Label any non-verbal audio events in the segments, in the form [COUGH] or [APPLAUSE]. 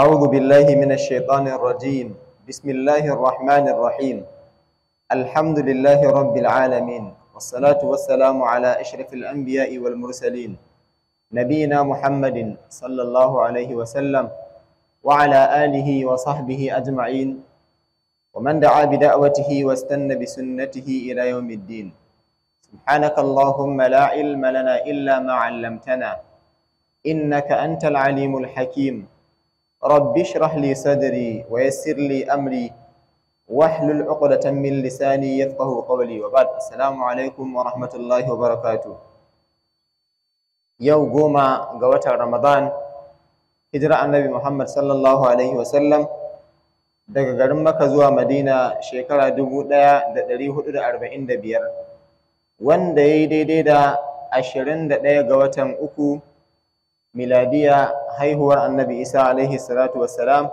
أعوذ بالله من الشيطان الرجيم بسم الله الرحمن الرحيم الحمد لله رب العالمين والصلاة والسلام على أشرف الأنبياء والمرسلين نبينا محمد صلى الله عليه وسلم وعلى آله وصحبه أجمعين ومن دعا بدعوته واستنى بسنته إلى يوم الدين سبحانك اللهم لا علم لنا إلا ما علمتنا إنك أنت العليم الحكيم رب اشرح لي صدري ويسر لي أمري واحلل عقدة من لساني يفقه قولي وبعد السلام عليكم ورحمة الله وبركاته يوم جمعة جوات رمضان هجرة النبي محمد صلى الله عليه وسلم daga garin Makka zuwa Madina shekara 1445 wanda yayi daidai da 21 ga watan uku miladiya haihuwar annabi isa alaihi salatu wassalam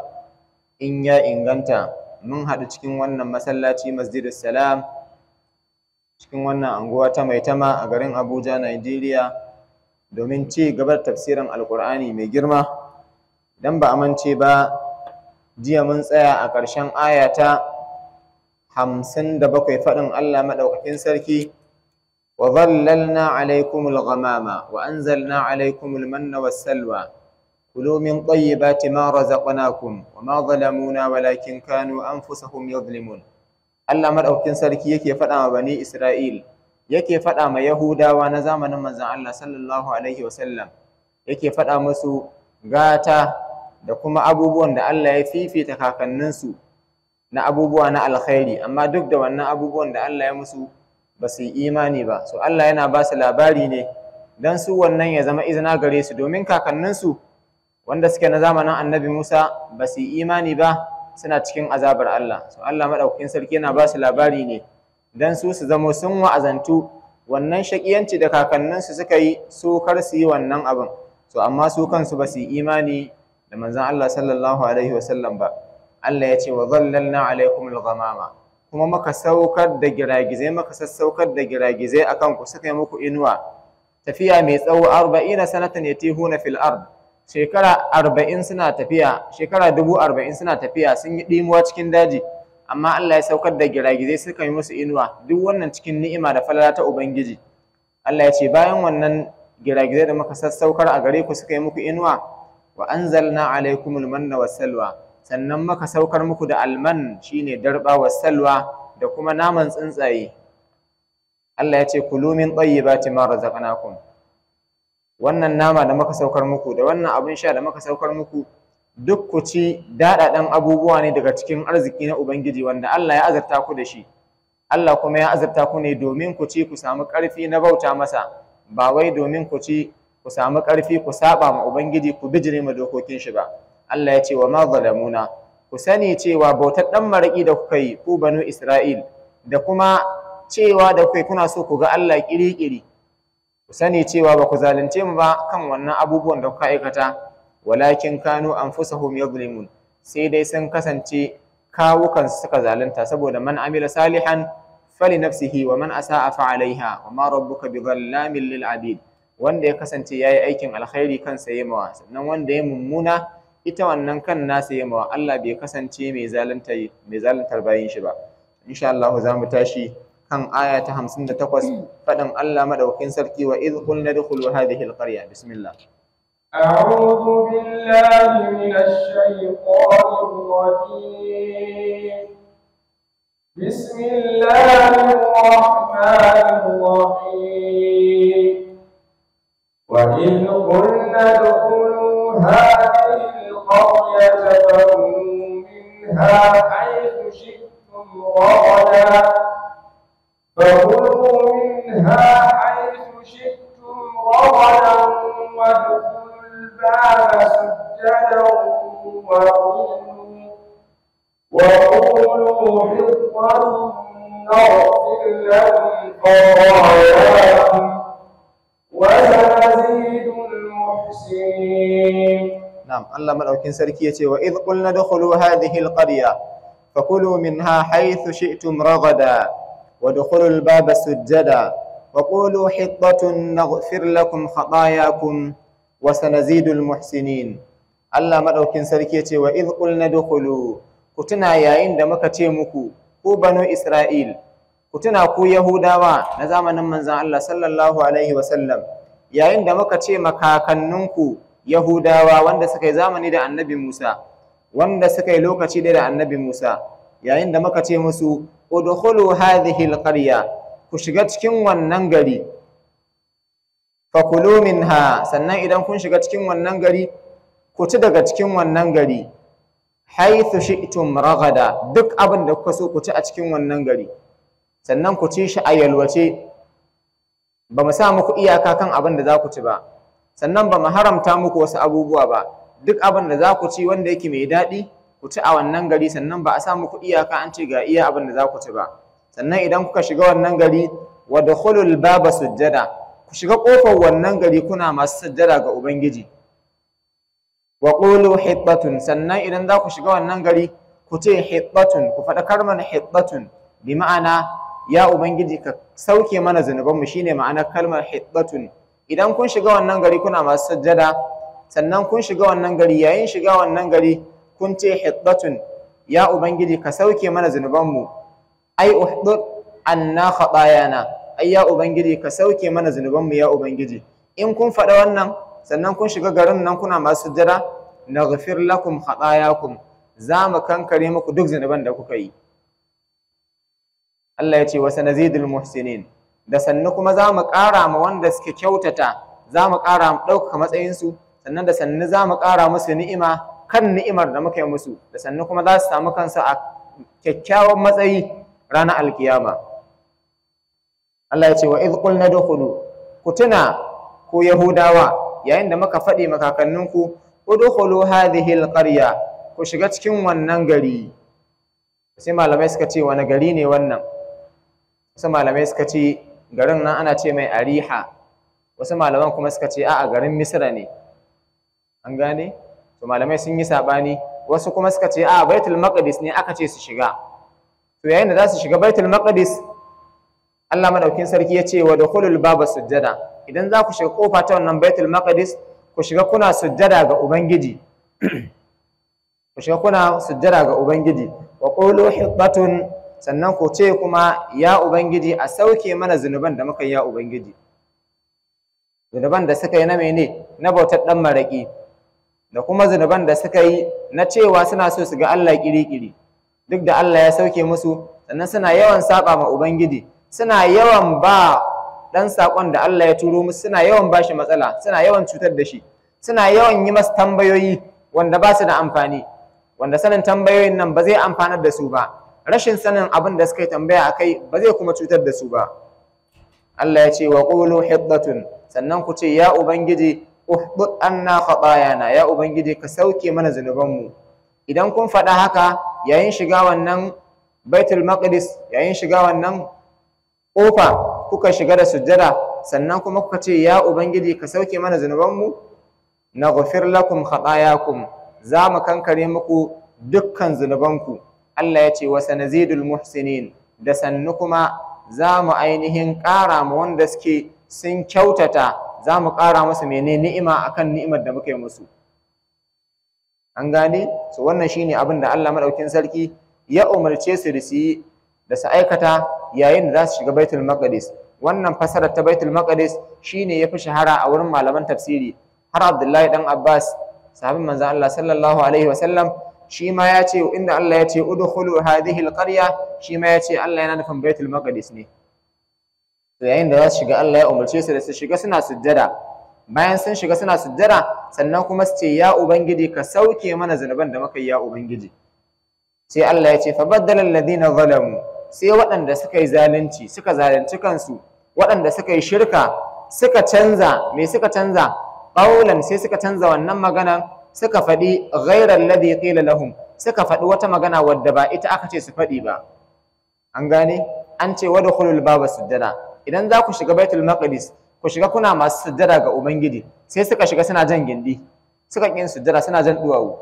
in ya inganta mun haɗu cikin wannan masallaci masjidus salam cikin wannan anguwa ta maitama a garin abuja nigeria domin ci gabar tafsirin alkur'ani mai girma idan ba a mance ba jiya mun tsaya a ƙarshen ayata ta hamsin da bakwai faɗin allah maɗaukakin sarki وظللنا عليكم الغمام وأنزلنا عليكم المن والسلوى كلوا من طيبات ما رزقناكم وما ظلمونا ولكن كانوا أنفسهم يظلمون Allah madaukakin sarki yake faɗawa wa Isra'il yake faɗa ma Yahudawa na zamanin manzon Allah sallallahu yake faɗa musu gata da kuma abubuwan da Allah ya fifita kakanninsu na abubuwa na alkhairi amma duk da wannan abubuwan da Allah ya musu ba su yi imani ba so Allah yana ba su labari ne don su wannan ya zama izina gare su domin kakanninsu wanda suke na zamanin annabi Musa ba su yi imani ba suna cikin azabar Allah so Allah maɗaukakin sarki yana ba su labari ne don su su zamo sun wa'azantu wannan shaƙiyanci da kakanninsu suka yi su kar su yi wannan abin so amma su kansu ba su yi imani da manzon Allah sallallahu alaihi wasallam ba Allah ya ce wa zallalna alaikumul ghamama kuma maka saukar da giragizai maka sassaukar da giragizai akan kanku suka muku inuwa tafiya mai tsawo sanata sanatan tihu na ard shekara arba'in suna tafiya shekara dubu arba'in suna tafiya sun yi ɗimuwa cikin daji amma Allah ya saukar da giragizai suka yi musu inuwa duk wannan cikin ni'ima da falala ta ubangiji Allah ya ce bayan wannan giragizai da muka sassaukar a gare ku suka yi muku inuwa wa anzalna alaikumul manna wassalwa sannan maka saukar muku da alman shine darba wa salwa da kuma naman tsuntsaye Allah ya ce kulu min tayyibati ma razaqnakum wannan nama da maka saukar muku da wannan abin sha da maka saukar muku duk ku ci daɗaɗan abubuwa ne daga cikin arziki na Ubangiji wanda Allah ya azarta ku da shi Allah kuma ya azarta ku ne domin ku ci ku samu ƙarfi na bauta masa ba wai domin ku ci ku samu ƙarfi ku saɓa ma Ubangiji ku bijire ma dokokin shi ba Allah ya ce wa ma zalamuna ku sani cewa bautar dan maraki da kuka yi ku banu Isra'il da kuma cewa da kuka kuna so ku ga Allah kirikiri ku sani cewa ba ku zalunce mu ba kan wannan abubuwan da kuka aikata walakin kanu anfusahum yadhlimun sai dai sun kasance kawukan suka zalunta saboda man amila salihan fali nafsihi wa man asa'a fa alaiha wa ma rabbuka bidhallamin lil abid wanda ya kasance yayi aikin alkhairi kan yayi mawa sannan wanda ya mummuna ita wannan kan nasa yi mawa Allah bai kasance mai zalantar bayan zaluntar shi ba insha Allah za mu tashi kan aya ta hamsin da takwas faɗin Allah maɗaukin sarki wa idh qulna dkhulu hadhihi alqarya bismillah أعوذ بالله من الشيطان الرجيم بسم الله الرحمن الرحيم وإذ قلنا ادخلوا هذه القرية فامنوا منها حيث شئتم رغدا فكلوا منها حيث شئتم رغدا وادخلوا الباب سجدا وقولوا وقولوا حطة نغفر لكم خطاياكم وسنزيد المحسنين na'am Allah madaukin sarki yace wa id qulna dukhulu hadhihi alqarya fakulu minha haythu shi'tum ragada wadkhulu albaba sujada وقولوا حطة نغفر لكم خطاياكم وسنزيد المحسنين Allah madaukin sarki yace wa id qulna dukhulu ku tuna yayin da muka ce muku ku banu Isra'il ku tuna ku Yahudawa na zamanin manzon Allah sallallahu alaihi wasallam yayin da muka ce makakanninku yahudawa wanda suka yi zamani da annabi musa wanda suka yi lokaci da annabi musa yayin da muka ce musu udkhulu hadhihi alqarya ku shiga cikin wannan gari fakulu minha sannan idan kun shiga cikin wannan gari ku ci daga cikin wannan gari haithu shi'tum ragada duk abin da kuka so ku ci a cikin wannan gari sannan ku ci shi a yalwace ba mu sa muku iyaka kan abin da za ku ci ba sannan ba mu haramta muku wasu abubuwa ba duk abin da za ku ci wanda yake mai daɗi ku ci a wannan gari sannan ba a sa muku iyaka an ce ga iya abin da za ku ci ba sannan idan kuka shiga wannan gari wa dakhulul baba sujjada ku shiga kofar wannan gari kuna masu sujjada ga ubangiji wa qulu sannan idan za ku shiga wannan gari ku ce Hibbatun, ku faɗa kalmar Hibbatun, bi ma'ana ya ubangiji ka sauke mana zunubanmu shine ma'anar kalmar Hibbatun. idan kun shiga wannan gari kuna masu sajjada sannan kun shiga wannan gari yayin shiga wannan gari kun ce hiddatun ya ubangiji ka sauke mana zunubanmu ai uhdud anna khatayana ai ya ubangiji ka sauke mana zunubanmu ya ubangiji in kun faɗa wannan sannan kun shiga garin nan kuna masu sajjada naghfir lakum khatayakum za mu kankare muku duk zunuban da kuka yi Allah ya ce wa sanazidul muhsinin da sannu kuma za mu ƙara ma wanda suke kyautata za mu ƙara mu ɗaukaka matsayinsu sannan da sannu za mu ƙara musu ni'ima kan ni'imar da muka yi musu da sannu kuma za su samu kansu a kyakkyawan matsayi ranar alkiyama Allah ya ce wa idh qulna dukhulu ku tuna ku yahudawa yayin da muka faɗi makakanninku udkhulu hadhihi alqarya ku shiga cikin wannan gari sai malamai suka ce wani gari ne wannan sai malamai suka ce garin nan ana ce mai ariha wasu malaman kuma suka ce a garin Misira ne an gane to malamai sun yi sabani wasu kuma suka ce a baitul maqdis ne aka ce su shiga to yayin da za su shiga baitul maqdis Allah madaukin sarki ya ce wa dukhulul baba sujjada idan za ku shiga kofa ta wannan baitul maqdis ku shiga kuna sujjada ga ubangiji [CLEARS THROAT] ku shiga kuna sujjada ga ubangiji wa qulu hibatun sannan ku ce kuma ya ubangiji a sauke mana zunuban da muka yi ya ubangiji zunuban da suka yi na mene na bautar ɗan maraki da kuma zunuban da suka yi na cewa suna so su ga Allah kirikiri duk da Allah ya sauke musu sannan suna yawan saba ma ubangiji suna yawan ba ɗan sakon da Allah ya turo musu suna yawan ba shi matsala suna yawan cutar da shi suna yawan yi masa tambayoyi wanda ba su da amfani wanda sanin tambayoyin nan ba zai amfanar da su ba rashin sanin abin da suka yi tambaya a kai ba zai kuma cutar da su ba Allah ya ce wa ƙulu hibbatun sannan ku ce ya ubangiji na anna khatayana ya ubangiji ka sauke mana zunubanmu idan kun faɗa haka yayin shiga wannan baitul maqdis yayin shiga wannan ƙofa, kuka shiga da sujjada sannan kuma kuka ce ya ubangiji ka sauke mana zunubanmu naghfir lakum khatayakum za mu kankare muku dukkan zunubanku Allah ya ce wa sanazidul muhsinin da sannu kuma za mu ainihin ƙara mu wanda suke sun kyautata za mu ƙara musu mene ni'ima a kan ni'imar da muka yi musu an gane so wannan ne abin da Allah madaukin sarki ya umarce su da da su aikata yayin da za su shiga baitul maqdis wannan fasarar ta baitul maqdis ya fi shahara a wurin malaman tafsiri har Abdullahi ɗan Abbas sahabin manzan Allah sallallahu alaihi wa shi ma ya ce inda Allah ya ce udkhulu hadhihi alqarya shi ma ya ce Allah yana nufin baitul maqdis ne to yayin da za su shiga Allah ya umarce su da su shiga suna sujjada bayan sun shiga suna sujjada sannan kuma su ce ya ubangiji ka sauke mana zanuban da muka yi ya ubangiji sai Allah ya ce fa baddala alladhina zalamu sai waɗanda suka yi zalunci suka zalunci kansu waɗanda suka yi shirka suka canza me suka canza qaulan sai suka canza wannan maganan suka faɗi ghairan ladhi qila lahum suka faɗi wata magana wadda ba ita aka ce su faɗi ba an gane an ce wa baba sujjada idan za ku shiga baitul maqdis ku shiga kuna masu sujjada ga ubangiji sai suka shiga suna jan gindi suka kin sujjada suna jan duwawu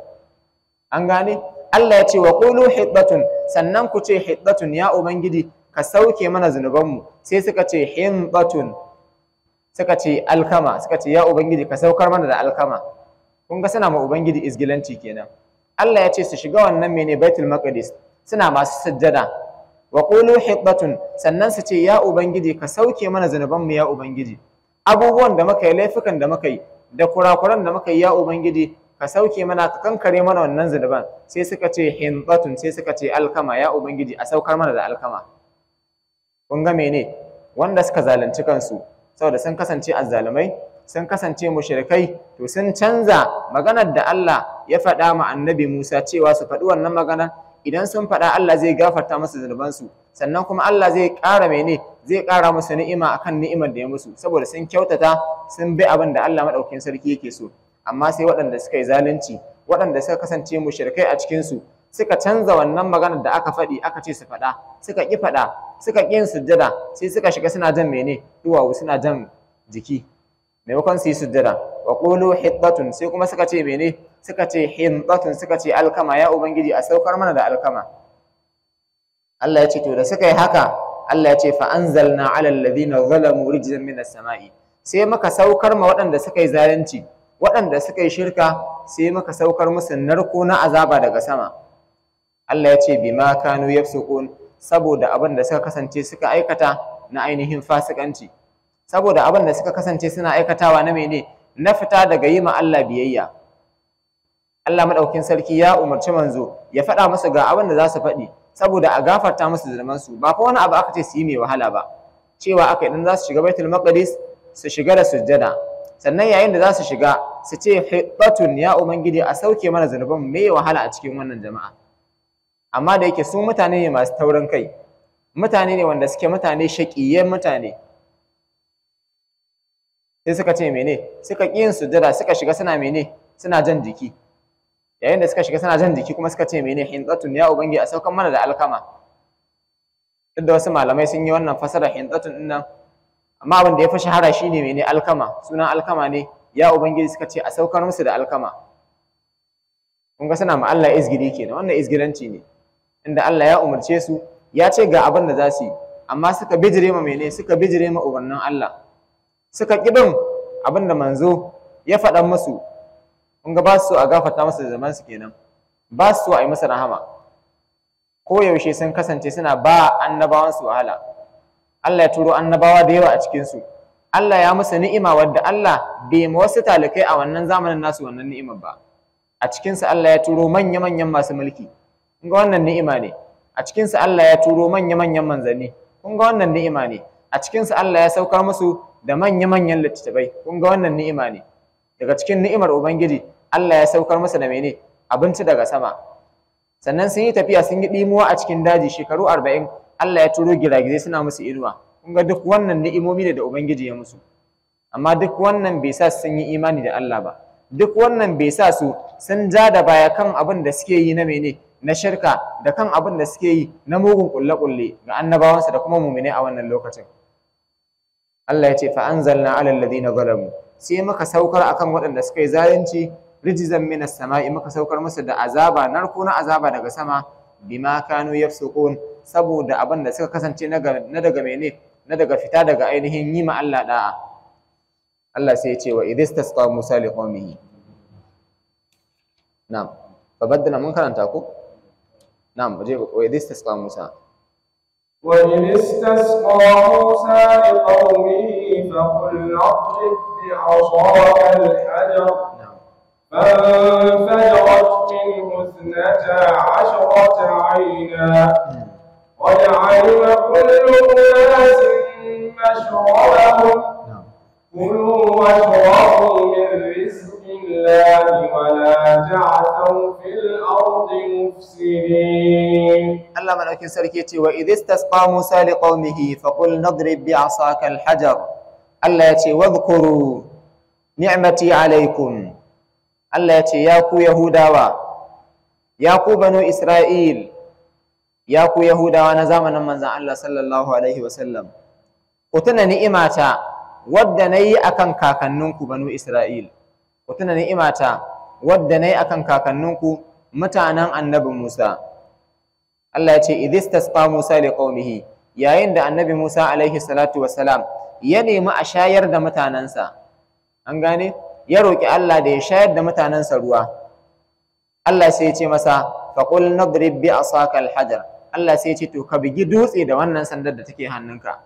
an gane Allah ya ce wa qulu hiddatun sannan ku ce hiddatun ya ubangiji ka sauke mana zunubanmu sai suka ce hiddatun suka ce alkama suka ce ya ubangiji ka saukar mana da alkama kun ga suna ma ubangiji izgilanci kenan Allah ya ce su shiga wannan mene baitul maqdis suna masu sajjada wa qulu hibatun sannan su ce ya ubangiji ka sauke mana zanuban mu ya ubangiji abubuwan da muka yi laifukan da muka yi da kurakuran da muka yi ya ubangiji ka sauke mana ka kankare mana wannan zanuban sai suka ce hibatun sai suka ce alkama ya ubangiji a saukar mana da alkama kun ga mene wanda suka zalunci kansu saboda sun kasance azzalumai sun kasance mushrikai to sun canza maganar da Allah ya faɗa ma annabi Musa cewa su faɗi wannan magana idan sun faɗa Allah zai gafarta musu zunubansu sannan kuma Allah zai ƙara mene zai ƙara musu ni'ima akan ni'imar da ya musu saboda sun kyautata sun bi abin da Allah maɗaukin sarki yake so amma sai waɗanda suka yi zalunci waɗanda suka kasance mushrikai a cikin su suka canza wannan maganar da aka faɗi aka ce su faɗa suka ƙi faɗa suka ƙi yin sujjada sai suka shiga suna jan mene duwawu suna jan jiki maimakon su yi sujjada wa qulu hiddatun sai kuma suka ce mene suka ce hiddatun suka ce alkama ya ubangiji a saukar mana da alkama Allah ya ce to da suka yi haka Allah ya ce fa anzalna ala alladhina zalamu rijzan minas sama'i sai muka saukar ma waɗanda suka yi zalunci waɗanda suka yi shirka sai muka saukar musu narko na azaba daga sama Allah ya ce bima kanu yafsukun saboda abin da suka kasance suka aikata na ainihin fasikanci saboda abin da suka kasance suna aikatawa na mene na fita daga yi ma Allah biyayya Allah maɗaukin sarki ya umarci manzo ya faɗa musu ga abin da za su faɗi saboda a gafarta musu zulman ba fa wani abu aka ce su yi mai wahala ba cewa aka yi idan za su shiga Baitul Maqdis su shiga da sujjada sannan yayin da za su shiga su ce hibatun ya ubangiji a sauke mana zunuban me wahala a cikin wannan jama'a amma da yake su mutane ne masu taurin kai mutane ne wanda suke mutane shaƙiyyen mutane sai suka ce mene suka ƙi yin sujjada suka shiga suna mene suna jan jiki yayin da suka shiga suna jan jiki kuma suka ce mene hindatun ya ubangi a saukan mana da alkama duk da wasu malamai sun yi wannan fasara hindatun din nan amma abin da ya fi shahara shine mene alkama sunan alkama ne ya ubangiji suka ce a saukar musu da alkama kun ga suna ma Allah izgiri kenan wannan izgiranci ne inda Allah ya umarce su ya ce ga abin da za su yi amma suka bijire ma mene suka bijire ma ubannin Allah suka ƙi abin da manzo ya faɗa musu in ga ba su a gafata musu da zaman su kenan ba su a yi musu rahama ko yaushe sun kasance suna ba annabawan su wahala Allah ya turo annabawa da yawa a cikin su Allah ya musu ni'ima wadda Allah bai ma wasu talikai a wannan zamanin nasu wannan ni'imar ba a cikin sa Allah ya turo manya-manyan masu mulki kun ga wannan ni'ima ne a cikin sa Allah ya turo manya-manyan manzanni kun ga wannan ni'ima ne a cikin sa Allah ya saukar musu da manya-manyan littattafai kun ga wannan ni'ima ne daga cikin ni'imar ubangiji Allah ya saukar masa da mene abinci daga sama sannan sun yi tafiya sun yi ɗimuwa a cikin daji shekaru arba'in Allah ya turo giragizai suna musu inuwa kun ga duk wannan ni'imomi ne da ubangiji ya musu amma duk wannan bai sa sun yi imani da Allah ba duk wannan bai sa su sun ja da baya kan abin da suke yi na mene na shirka da kan abin da suke yi na mugun kulle-kulle ga annabawansa da kuma mumine a wannan lokacin Allah ya ce fa anzalna ala alladhina zalamu sai muka saukar akan waɗanda suka yi zalunci rijizan minas sama'i muka saukar musu da azaba narko na azaba daga sama bima kanu yafsukun saboda abin da suka kasance na daga mene na daga fita daga ainihin yi ma Allah da'a Allah sai ya ce wa idh tasqa musa liqaumihi na'am fa baddana mun karanta ko na'am waje wa idh tasqa musa وإن استسقى موسى لقومه فقل اضرب بعصاك الحجر فانفجرت منه اثنتا عشرة عينا قد علم كل أناس مشربهم نعم. كلوا واشربوا من الله ولا تعثوا في الأرض مفسدين الله ملك سركيتي وإذ استسقى موسى لقومه فقل نضرب بعصاك الحجر الله يتي واذكروا نعمتي عليكم الله يتي ياكو يهوداوا ياكو بنو إسرائيل ياكو يهوداوا نزامنا من الله صلى الله عليه وسلم قتنا نئماتا wadda na yi a kan kakanninku banu Isra'il, ku tuna ni'imata wadda nayi akan kakanninku mutanen annabi Musa Allah ya ce idistasqa Musa liqaumihi yayin da annabi Musa alaihi salatu wassalam ya nemi a shayar da mutanensa an gane ya roki Allah da ya shayar da mutanensa ruwa Allah sai ya ce masa faqul nadrib bi asaka alhajar Allah sai ya ce to ka bigi dutse da wannan sandar da take hannunka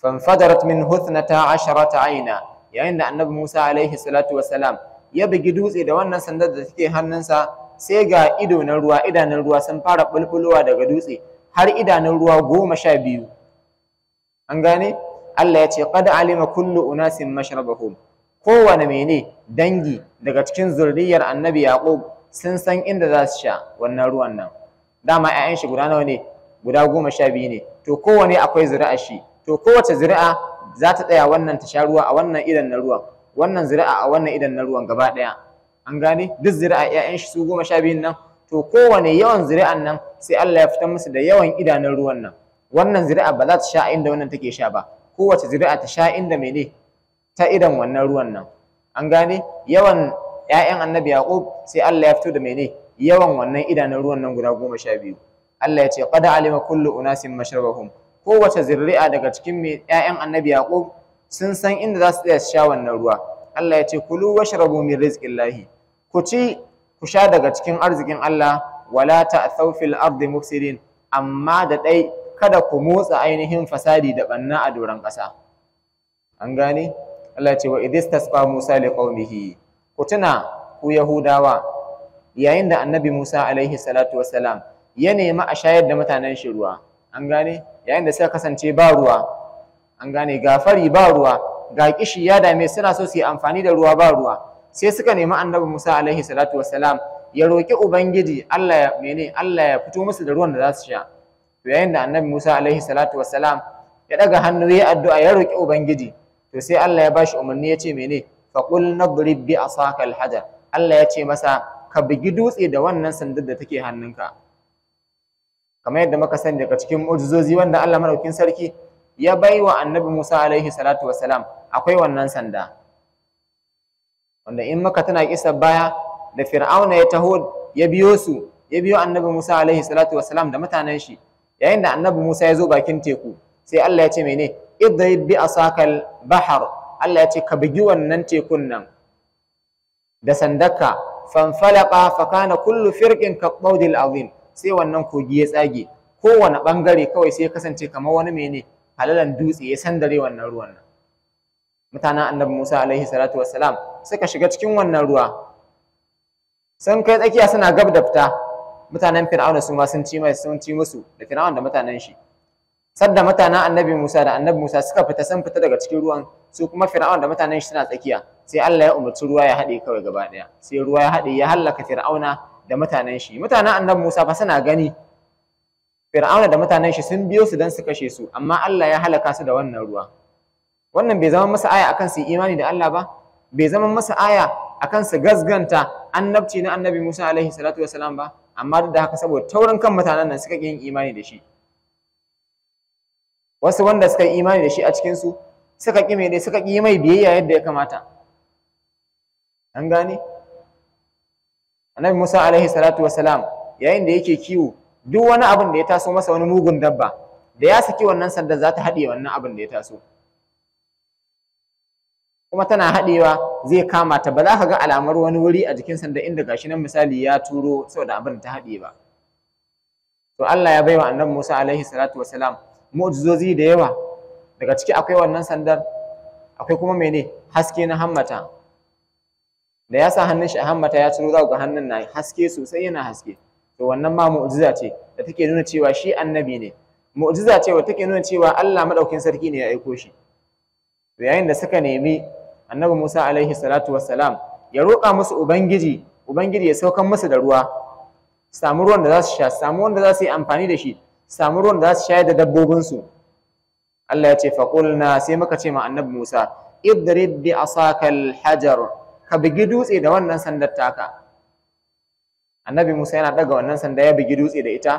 fanfadarat min huthnata asharata aina yayin da annabi Musa alaihi salatu wassalam ya bugi dutse da wannan sandar da take hannunsa sai ga ido na ruwa idanun ruwa sun fara bulbulowa daga dutse har idanun ruwa goma sha biyu an gane Allah ya ce qad alima kullu unasin mashrabahum kowane mene dangi daga cikin zurriyar annabi yaqub sun san inda za su sha wannan ruwan nan dama 'ya'yan shi guda nawa ne guda goma sha biyu ne to kowane akwai zuri'a shi to kowace zuri'a za ta tsaya wannan ta sha ruwa a wannan idan na ruwan wannan zira'a a wannan idan na ruwan gaba ɗaya an gane duk zira'a 'ya'yan shi su goma sha biyun nan to kowane yawan zira'an nan sai Allah ya fitar musu da yawan idanun ruwan nan wannan zira'a ba za ta sha inda wannan take sha ba kowace zira'a ta sha inda mene ta idan wannan ruwan nan an gane yawan 'ya'yan annabi yaqub sai Allah ya fito da mene yawan wannan idanun ruwan nan guda goma sha biyu Allah ya ce qad alima kullu unasin mashrabahum kowace zirri'a daga cikin 'ya'yan annabi yaqub sun san inda za su tsaya sha wannan ruwa Allah ya ce kulu mai min lahi. ku ci ku sha daga cikin arzikin Allah wala ta fil ardi mufsirin, amma da ɗai kada ku motsa ainihin fasadi da banna a doron ƙasa an gane Allah ya ce wa idis idistasqa Musa liqaumihi ku tuna ku Yahudawa yayin da Annabi Musa alaihi salatu ya nema a shayar da mutanen shi ruwa an gane yayin da suka kasance ba ruwa an gane ga ba ruwa ga kishi ya dame suna so su yi amfani da ruwa ba ruwa sai suka nemi annabi Musa alaihi salatu wassalam ya roki ubangiji Allah ya mene Allah ya fito musu da ruwan da za su sha to yayin da annabi Musa alaihi salatu wassalam ya daga hannu ya addu'a ya roki ubangiji to sai Allah ya bashi umarni ya ce mene qul nadrib bi asaka alhajar Allah ya ce masa ka bugi dutse da wannan sandar da take hannunka kamar yadda muka sani daga cikin mu'jizozi wanda Allah madaukakin sarki ya bai wa annabi Musa alaihi salatu wasalam akwai wannan sanda wanda in muka tana kisa baya da fir'auna ya taho ya biyo su ya biyo annabi Musa alaihi salatu wasalam da mutanen shi yayin da annabi Musa ya zo bakin teku sai Allah ya ce mene idai bi asakal bahar Allah ya ce ka bugi wannan tekun nan da sandaka fanfalaqa fa kana kullu firqin ka qawdil azim sai wannan kogi ya tsage kowane bangare kawai sai ya kasance kamar wani mene halalan dutse ya sandare wannan ruwan nan mutanen annabi Musa alaihi salatu wassalam suka shiga cikin wannan ruwa sun kai tsakiya suna gab da fita mutanen Fir'auna su ma sun ci mai sun ci musu da Fir'auna da mutanen shi sadda mutanen annabi Musa da annabi Musa suka fita sun fita daga cikin ruwan su kuma Fir'auna da mutanen shi suna tsakiya sai Allah ya umarci ruwa ya haɗe kawai gaba ɗaya sai ruwa ya haɗe ya hallaka Fir'auna da mutanen shi mutanen annabi Musa fa suna gani Fir'auna da mutanen shi sun biyo su dan su kashe su amma Allah ya halaka su da wannan ruwa wannan bai zama masa aya akan su imani da Allah ba bai zama masa aya akan su gazganta annabci na annabi Musa alaihi salatu wasalam ba amma duk da haka saboda taurin kan mutanen nan suka yin imani da shi wasu wanda suka yi imani da shi a cikin su suka ƙi mai suka ƙi mai biyayya yadda ya kamata an gane annabi Musa alaihi salatu wasalam yayin da yake kiwo duk wani abin da ya taso masa wani mugun dabba da ya saki wannan sanda za ta haɗe wannan abin da ya taso kuma tana haɗewa zai kama ta ba za ka ga alamar wani wuri a jikin sanda inda gashi nan misali ya turo saboda abin ta haɗe ba to Allah ya baiwa annabi Musa alaihi salatu wasalam mu'jizozi da yawa daga ciki akwai wannan sandar akwai kuma mene haske na hammata da ya sa hannun shi a hammata ya ciro za ku ga hannun na haske sosai yana haske to wannan ma mu'jiza ce da take nuna cewa shi annabi ne mu'jiza ce wa take nuna cewa Allah madaukin sarki ne ya aiko shi to yayin da suka nemi annabi Musa alaihi salatu wassalam ya roƙa musu ubangiji ubangiji ya saukan musu da ruwa samu ruwan da za su sha samu wanda za su yi amfani da shi samu ruwan da za su shayar da dabbobinsu Allah ya ce faqulna sai muka ce ma annabi Musa idrib bi asakal hajar ka bugi dutse da wannan sandar taka annabi Musa yana daga wannan sanda ya bugi dutse da ita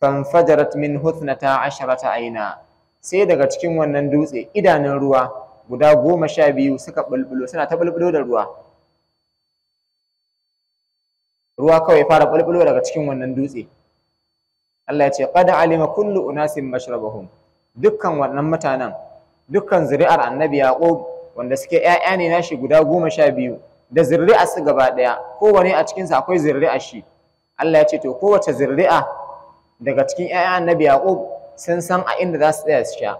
fanfajarat min huthnata asharata aina sai daga cikin wannan dutse idanun ruwa guda goma sha biyu suka bulbulo suna ta bulbulo da ruwa ruwa kawai fara bulbulo daga cikin wannan dutse Allah ya ce qad alima kullu unasin mashrabahum dukkan wannan mutanen dukkan zuri'ar annabi yaqub wanda suke ‘ya'ya ne nashi guda goma sha biyu da zirri'a su gaba ɗaya kowane a cikinsu akwai zirri'a shi Allah ya ce to kowace zirri'a daga cikin ‘ya'ya annabi Yaƙub sun san a inda za su tsaya su sha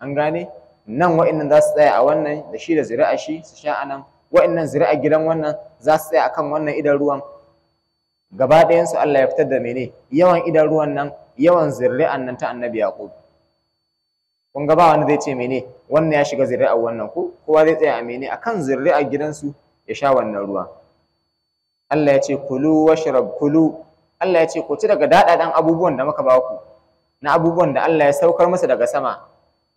an gane nan wa'innan za su tsaya a wannan da shi da zirri'a shi su sha a nan zirri'a gidan wannan za su tsaya akan wannan idan ruwan gaba ɗayansu Allah ya fitar da mene yawan idan ruwan nan yawan zirri'an nan ta annabi Yaqub kun ga ba wani zai ce mene wannan ya shiga a wannan ku. kowa zai tsaya a mene akan a gidansu ya sha wannan ruwa Allah ya ce kulu washrab kulu Allah ya ce ku ci daga daɗaɗan abubuwan da muka ba ku na abubuwan da Allah ya saukar musu daga sama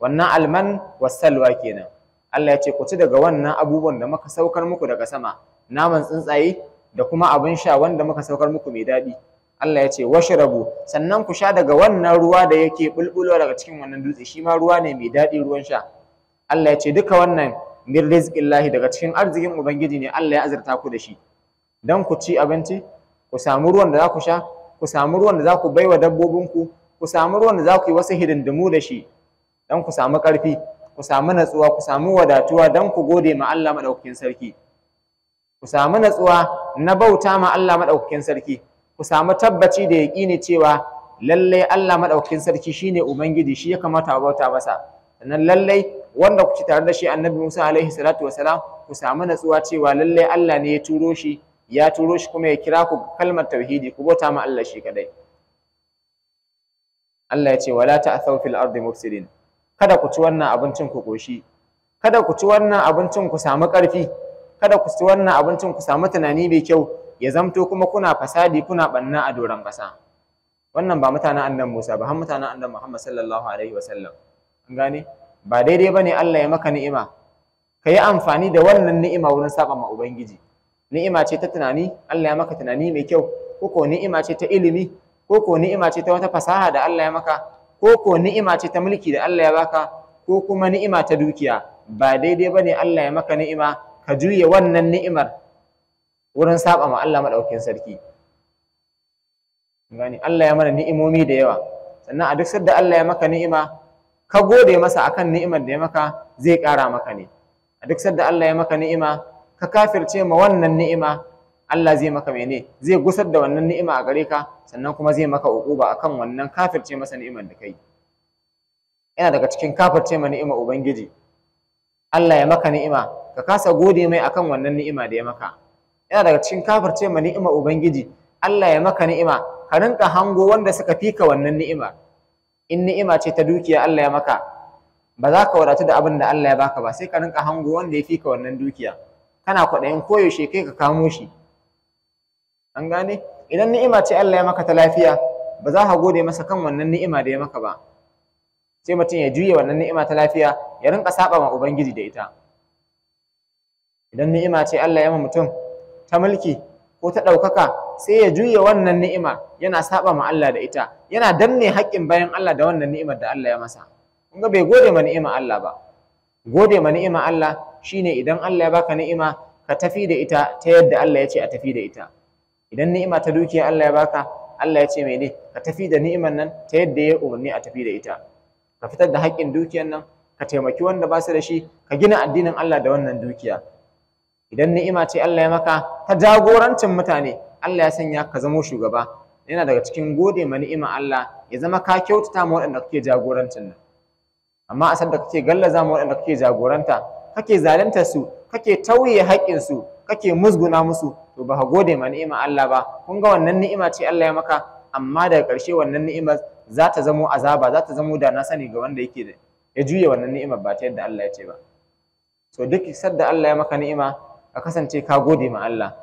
wannan alman wasalwa kenan Allah ya ce ku ci daga wannan abubuwan da muka saukar muku daga sama naman tsuntsaye da kuma abin sha wanda muka saukar muku mai daɗi Allah ya ce rabu! sannan ku sha daga wannan ruwa da yake bulbulo daga cikin wannan dutse shi ma ruwa ne mai daɗi ruwan sha Allah ya ce duka wannan min rizqillahi daga cikin arzikin ubangiji ne Allah ya azurta ku da shi dan ku ci abinci ku samu ruwan da za ku sha ku samu ruwan da za ku baiwa dabbobinku ku ku samu ruwan da za ku yi wasu hidindimu da shi dan ku samu ƙarfi ku samu natsuwa ku samu wadatuwa dan ku gode ma Allah madaukakin sarki ku samu natsuwa na bauta ma Allah madaukakin sarki ku samu tabbaci da yaƙini cewa lallai Allah maɗaukakin sarki shi ne ubangiji shi ya kamata a bauta masa sannan lallai wanda ku ci tare da shi annabi Musa alaihi salatu wasalam ku samu natsuwa cewa lallai Allah ne ya turo shi ya turo shi kuma ya kira ku kalmar tauhidi ku bauta ma Allah shi kadai Allah ya ce wala ta'thaw fil ardi mufsidin kada ku ci wannan abincin ku koshi kada ku ci wannan abincin ku samu ƙarfi kada ku ci wannan abincin ku samu tunani mai kyau ya zamto kuma kuna fasadi kuna banna a doron ƙasa wannan ba mutanen annan Musa ba har mutanen annan Muhammad sallallahu alaihi wasallam an gane ba daidai bane Allah ya maka ni'ima ka yi amfani da wannan ni'ima wurin saba ma ubangiji ni'ima ce ta tunani Allah ya maka tunani mai kyau ko ko ni'ima ce ta ilimi ko ko ni'ima ce ta wata fasaha da Allah ya maka ko ko ni'ima ce ta mulki da Allah ya baka ko kuma ni'ima ta dukiya ba daidai bane Allah ya maka ni'ima ka juye wannan ni'imar wurin saba ma Allah madaukakin sarki gani Allah ya mana ni'imomi da yawa sannan a duk sadda Allah ya maka ni'ima ka gode masa akan ni'imar da ya maka zai kara maka ne a duk sadda Allah ya maka ni'ima ka kafirce ma wannan ni'ima Allah zai maka mene zai gusar da wannan ni'ima a gare ka sannan kuma zai maka uquba akan wannan kafirce masa ni'imar da kai yana daga cikin kafirce ma ni'ima ubangiji Allah ya maka ni'ima ka kasa gode mai akan wannan ni'ima da ya maka yana daga cikin kafirce ma ni'ima ubangiji Allah ya maka ni'ima ka rinka hango wanda suka fika wannan ni'ima in ni'ima ce ta dukiya Allah ya maka ba za ka wadatu da abin da Allah ya baka ba sai ka rinka hango wanda ya fika wannan dukiya kana kwaɗayin koyaushe kai ka kamo shi an gane idan ni'ima ce Allah ya maka ta lafiya ba za ka gode masa kan wannan ni'ima da ya maka ba sai mutum ya juye wannan ni'ima ta lafiya ya rinka saba ma ubangiji da ita idan ni'ima ce Allah ya ma mutum ta mulki ko ta ɗaukaka sai ya juya wannan ni'ima yana saba ma Allah da ita yana danne haƙƙin bayan Allah da wannan ni'imar da Allah ya masa kun ga bai gode ma ni'ima Allah ba gode ma ni'ima Allah shine idan Allah ya baka ni'ima ka tafi da ita ta yadda Allah ya ce a tafi da ita idan ni'ima ta dukiya Allah ya baka Allah ya ce mene ka tafi da ni'iman nan ta yadda ya umarni a tafi da ita ka fitar da haƙƙin dukiyar nan ka taimaki wanda ba su da shi ka gina addinin Allah da wannan dukiya idan ni'ima ce Allah ya maka ta jagorancin mutane Allah ya sanya ka zamo shugaba yana daga cikin gode ma ni'ima Allah ya zama ka kyautata ma waɗanda kake jagorancin nan amma a sanda kake gallaza ma waɗanda kake jagoranta kake zalunta su kake tauye haƙƙin su kake musguna musu to ba ka gode ma ni'ima Allah ba kun ga wannan ni'ima ce Allah ya maka amma daga ƙarshe wannan ni'imar za ta zamo azaba za ta zamo da na sani ga wanda yake da ya juya wannan ni'imar ba ta yadda Allah ya ce ba so duk sadda Allah ya maka ni'ima ka kasance ka gode ma Allah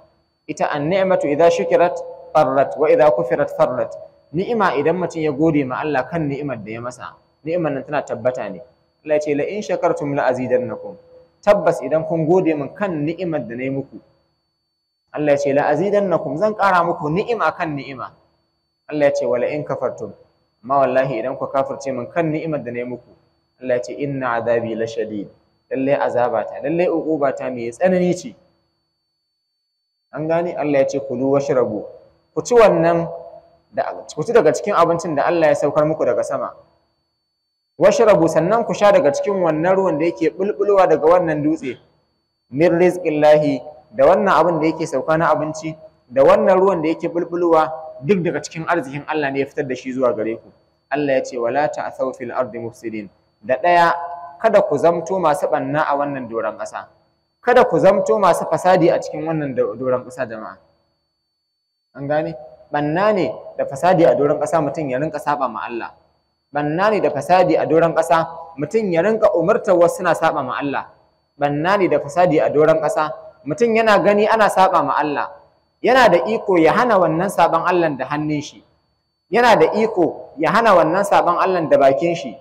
ita an-ni'matu idza shukirat farrat wa idza kufirat farrat ni'ima idan mutum ya gode ma Allah kan ni'imar da ya masa ni'imar nan tana tabbata ne Allah ya ce la in shakartum la azidannakum tabbas idan kun gode min kan ni'imar da na muku Allah ya ce la azidannakum zan kara muku ni'ima kan ni'ima Allah ya ce wala in kafartum amma wallahi idan ku kafirce min kan ni'imar da na yi muku Allah ya ce inna azabi la ta azabata lallai ta mai tsanani ce an gane Allah ya ce kulu washrabu ku ci wannan da ku ci daga cikin abincin da Allah ya saukar muku daga sama washrabu sannan ku sha daga cikin wannan ruwan da yake bulbulwa daga wannan dutse min rizqillahi da wannan abin da yake sauka na abinci da wannan ruwan da yake bulbulwa duk daga cikin arzikin Allah ne ya fitar da shi zuwa gare ku Allah ya ce wala ta'thaw fil ardi mufsidin da daya kada ku zamto masu ɓanna a wannan doron ƙasa kada ku zamto masu fasadi a cikin wannan doron ƙasa jama'a an gane banna ne da fasadi a doron ƙasa mutum ya rinka saba ma Allah banna ne da fasadi a doron ƙasa mutum ya rinka umartar wasu suna saba ma Allah banna ne da fasadi a doron ƙasa mutum yana gani ana saba ma Allah yana da iko ya hana wannan saban Allah da hannun shi yana da iko ya hana wannan saban Allah da bakin shi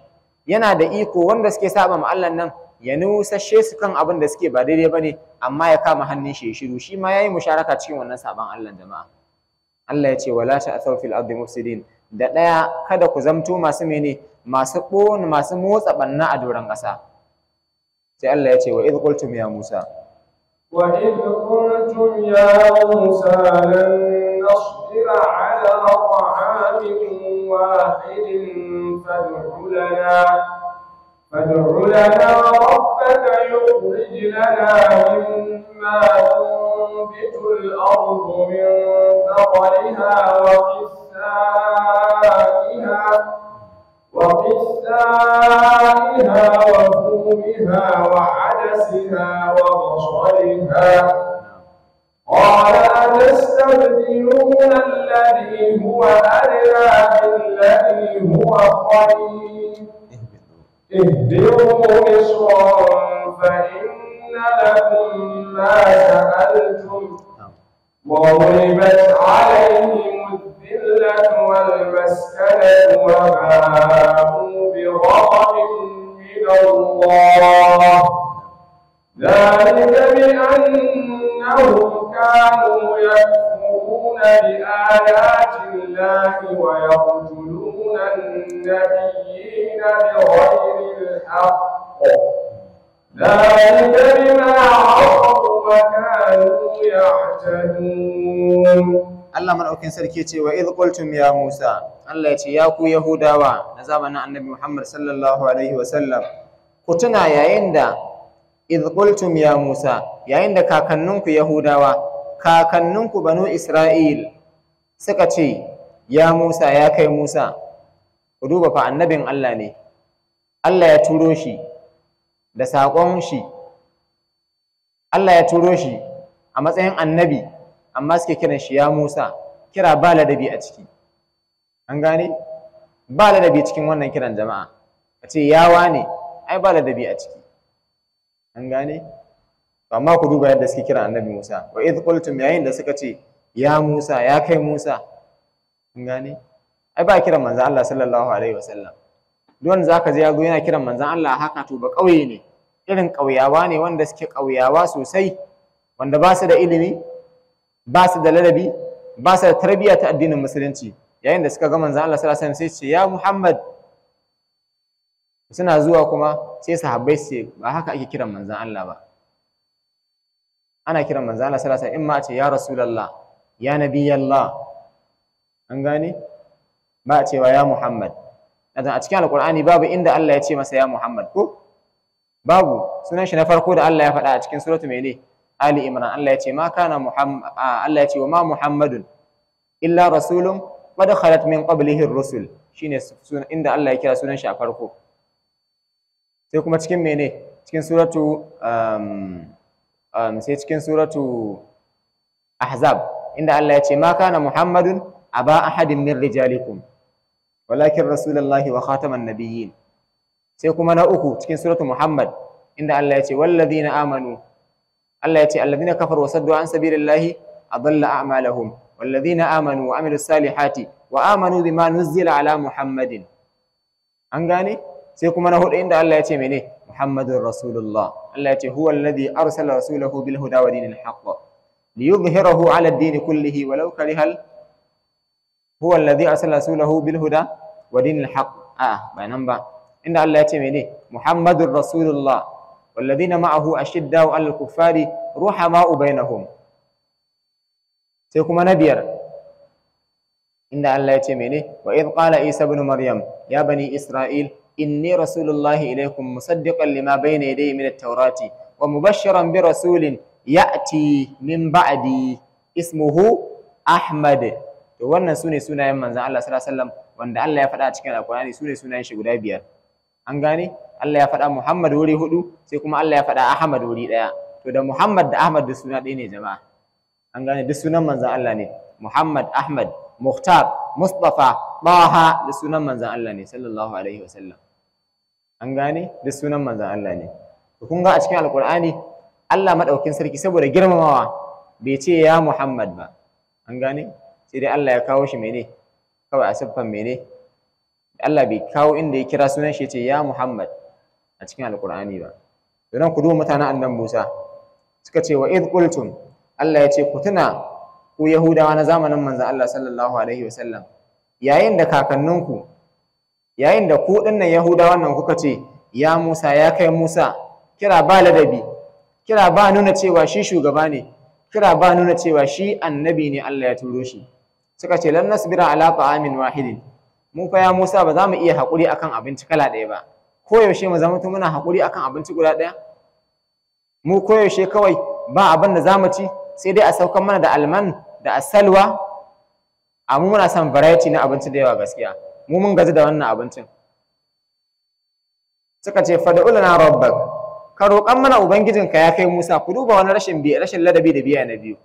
yana da iko wanda suke saba ma Allah nan ya nusashe su kan abin da suke ba daidai ne, amma ya kama hannun shi ya shiru shi ma yayi musharaka cikin wannan saban Allah jama'a Allah ya ce wala ta'thaw fil ardi mufsidin da daya kada ku zamto masu mene masu ɓon masu motsa ɓanna a doron ƙasa sai Allah ya ce wa idh qultum ya Musa wa idh qultum ya Musa lan واحد فادع لنا فادع لنا ربك يخرج لنا مما تنبت الأرض من بقرها وقسائها وقسائها وفومها وعدسها وبصلها قال ويستبدلون الذي هو أدنى بالذي هو خير اهدروا مصرا فإن لكم ما سألتم وضربت عليهم الذلة والمسكنة وباءوا بغضب من الله ذلك بأن إنهم كانوا يكفرون بآيات الله ويقتلون النبيين بغير الحق ذلك بما عصوا وكانوا يعتدون Allah maɗaukin sarki ce wa idh qultum ya Musa Allah ya ce ya ku Yahudawa na zamanin Annabi Muhammad sallallahu alaihi wa sallam ku tuna yayin da idh ya Musa yayin da kakanninku Yahudawa kakanninku banu Isra'il suka ce ya Musa ya kai Musa ku duba fa annabin Allah ne Allah ya turo shi da saƙon shi Allah ya turo shi a matsayin annabi amma suke kiran shi ya Musa kira ba ladabi a ciki an gane ba ladabi cikin wannan kiran jama'a a ce yawa ne ai ba ladabi a ciki an gane To amma ku duba yadda suke kira annabi Musa wa idh qultum yayin da suka ce ya Musa ya kai Musa an gane ai ba kiran manzon Allah sallallahu alaihi wasallam duk wanda zaka je ya yana kiran manzon Allah haka to ba kauye ne irin kauyawa ne wanda suke kauyawa sosai wanda ba su da ilimi ba su da ladabi ba su da tarbiyya ta addinin musulunci yayin da suka ga manzon Allah sallallahu alaihi wasallam sai ce ya Muhammad suna zuwa kuma sai sahabbai su ba haka ake kiran manzan Allah ba ana kiran manzan Allah sallallahu alaihi wasallam in ma ce ya rasulullah ya nabiyallah an gane ba a cewa ya muhammad a cikin alqur'ani babu inda Allah ya ce masa ya muhammad ko babu sunan shi na farko da Allah ya faɗa a cikin suratu mene Ali Imran Allah ya ce ma kana Muhammad Allah ya ce wa ma Muhammadun illa rasulun qad khalat min qablihi ar-rusul shine inda Allah ya kira sunan shi a farko sai kuma cikin mene cikin suratu um, um, sai cikin suratu ahzab inda Allah ya ce ma kana muhammadun aba ahadin min rijalikum walakin rasulullahi wa khataman nabiyyin sai kuma na uku cikin suratu muhammad inda Allah ya ce walladhina amanu Allah ya ce alladhina kafaru wa saddu an sabilillahi adalla a'malahum walladhina amanu wa amilus salihati wa amanu bima nuzzila ala muhammadin an gane sai kuma na hudu inda Allah ya ce mene Muhammadur Rasulullah Allah ya ce huwa alladhi arsala rasulahu bil huda wa dinil haqq liyudhhirahu ala ad-din kullihi walau karihal huwa alladhi arsala rasulahu bil huda wa dinil haqq a ba nan ba inda Allah ya ce mene Muhammadur Rasulullah والذين معه أشداء على الكفار رحماء بينهم sai kuma na biyar inda Allah ya ce mene wa idh qala isa ibn maryam ya bani isra'il inni rasulullahi ilaikum musaddiqan lima bayna yadayhi min at-taurati wa mubashshiran bi rasulin ya'ti min ba'di ismuhu ahmad to wannan sune sunayen manzon Allah sallallahu alaihi wasallam wanda Allah ya faɗa a cikin alqur'ani sune sunayen shi guda biyar an gane Allah ya faɗa Muhammad wuri hudu sai kuma Allah ya faɗa Ahmad wuri ɗaya to da Muhammad da Ahmad da suna ɗaya ne jama'a an gane duk sunan manzon Allah ne Muhammad Ahmad Muhtar Mustafa Baha da sunan manzon Allah ne sallallahu alaihi wasallam an gane duk sunan manzan Allah ne to kun ga a cikin alqur'ani Allah maɗaukin sarki saboda girmamawa bai ce ya Muhammad ba an gane sai dai Allah ya kawo shi mene kawai a siffan mene Allah bai kawo inda ya kira sunan shi ya ce ya Muhammad a cikin alqur'ani ba nan ku duba mutanen annan Musa suka ce wa id qultum Allah ya ce ku tuna ku Yahudawa na zamanin manzan Allah sallallahu alaihi wasallam yayin da kakanninku yayin da ku dinnan huda wannan kuka ce ya musa ya kai musa kira ba ladabi kira ba nuna cewa shi shugaba ne kira ba nuna cewa shi annabi ne Allah ya turo shi suka ce lan nasbira ala ta'amin wahidin mu fa musa ba za mu iya haƙuri akan abinci kala ɗaya ba koyaushe mu zama muna haƙuri akan abinci guda ɗaya mu koyaushe kawai ba abin da za mu ci sai dai a saukan mana da alman da asalwa amma muna son variety na abinci da yawa gaskiya mu mun gaji da wannan abincin suka ce fa da'ulana rabbak ka roƙan mana ubangijinka ya kai Musa ku duba wani rashin bi rashin ladabi da biya na biyu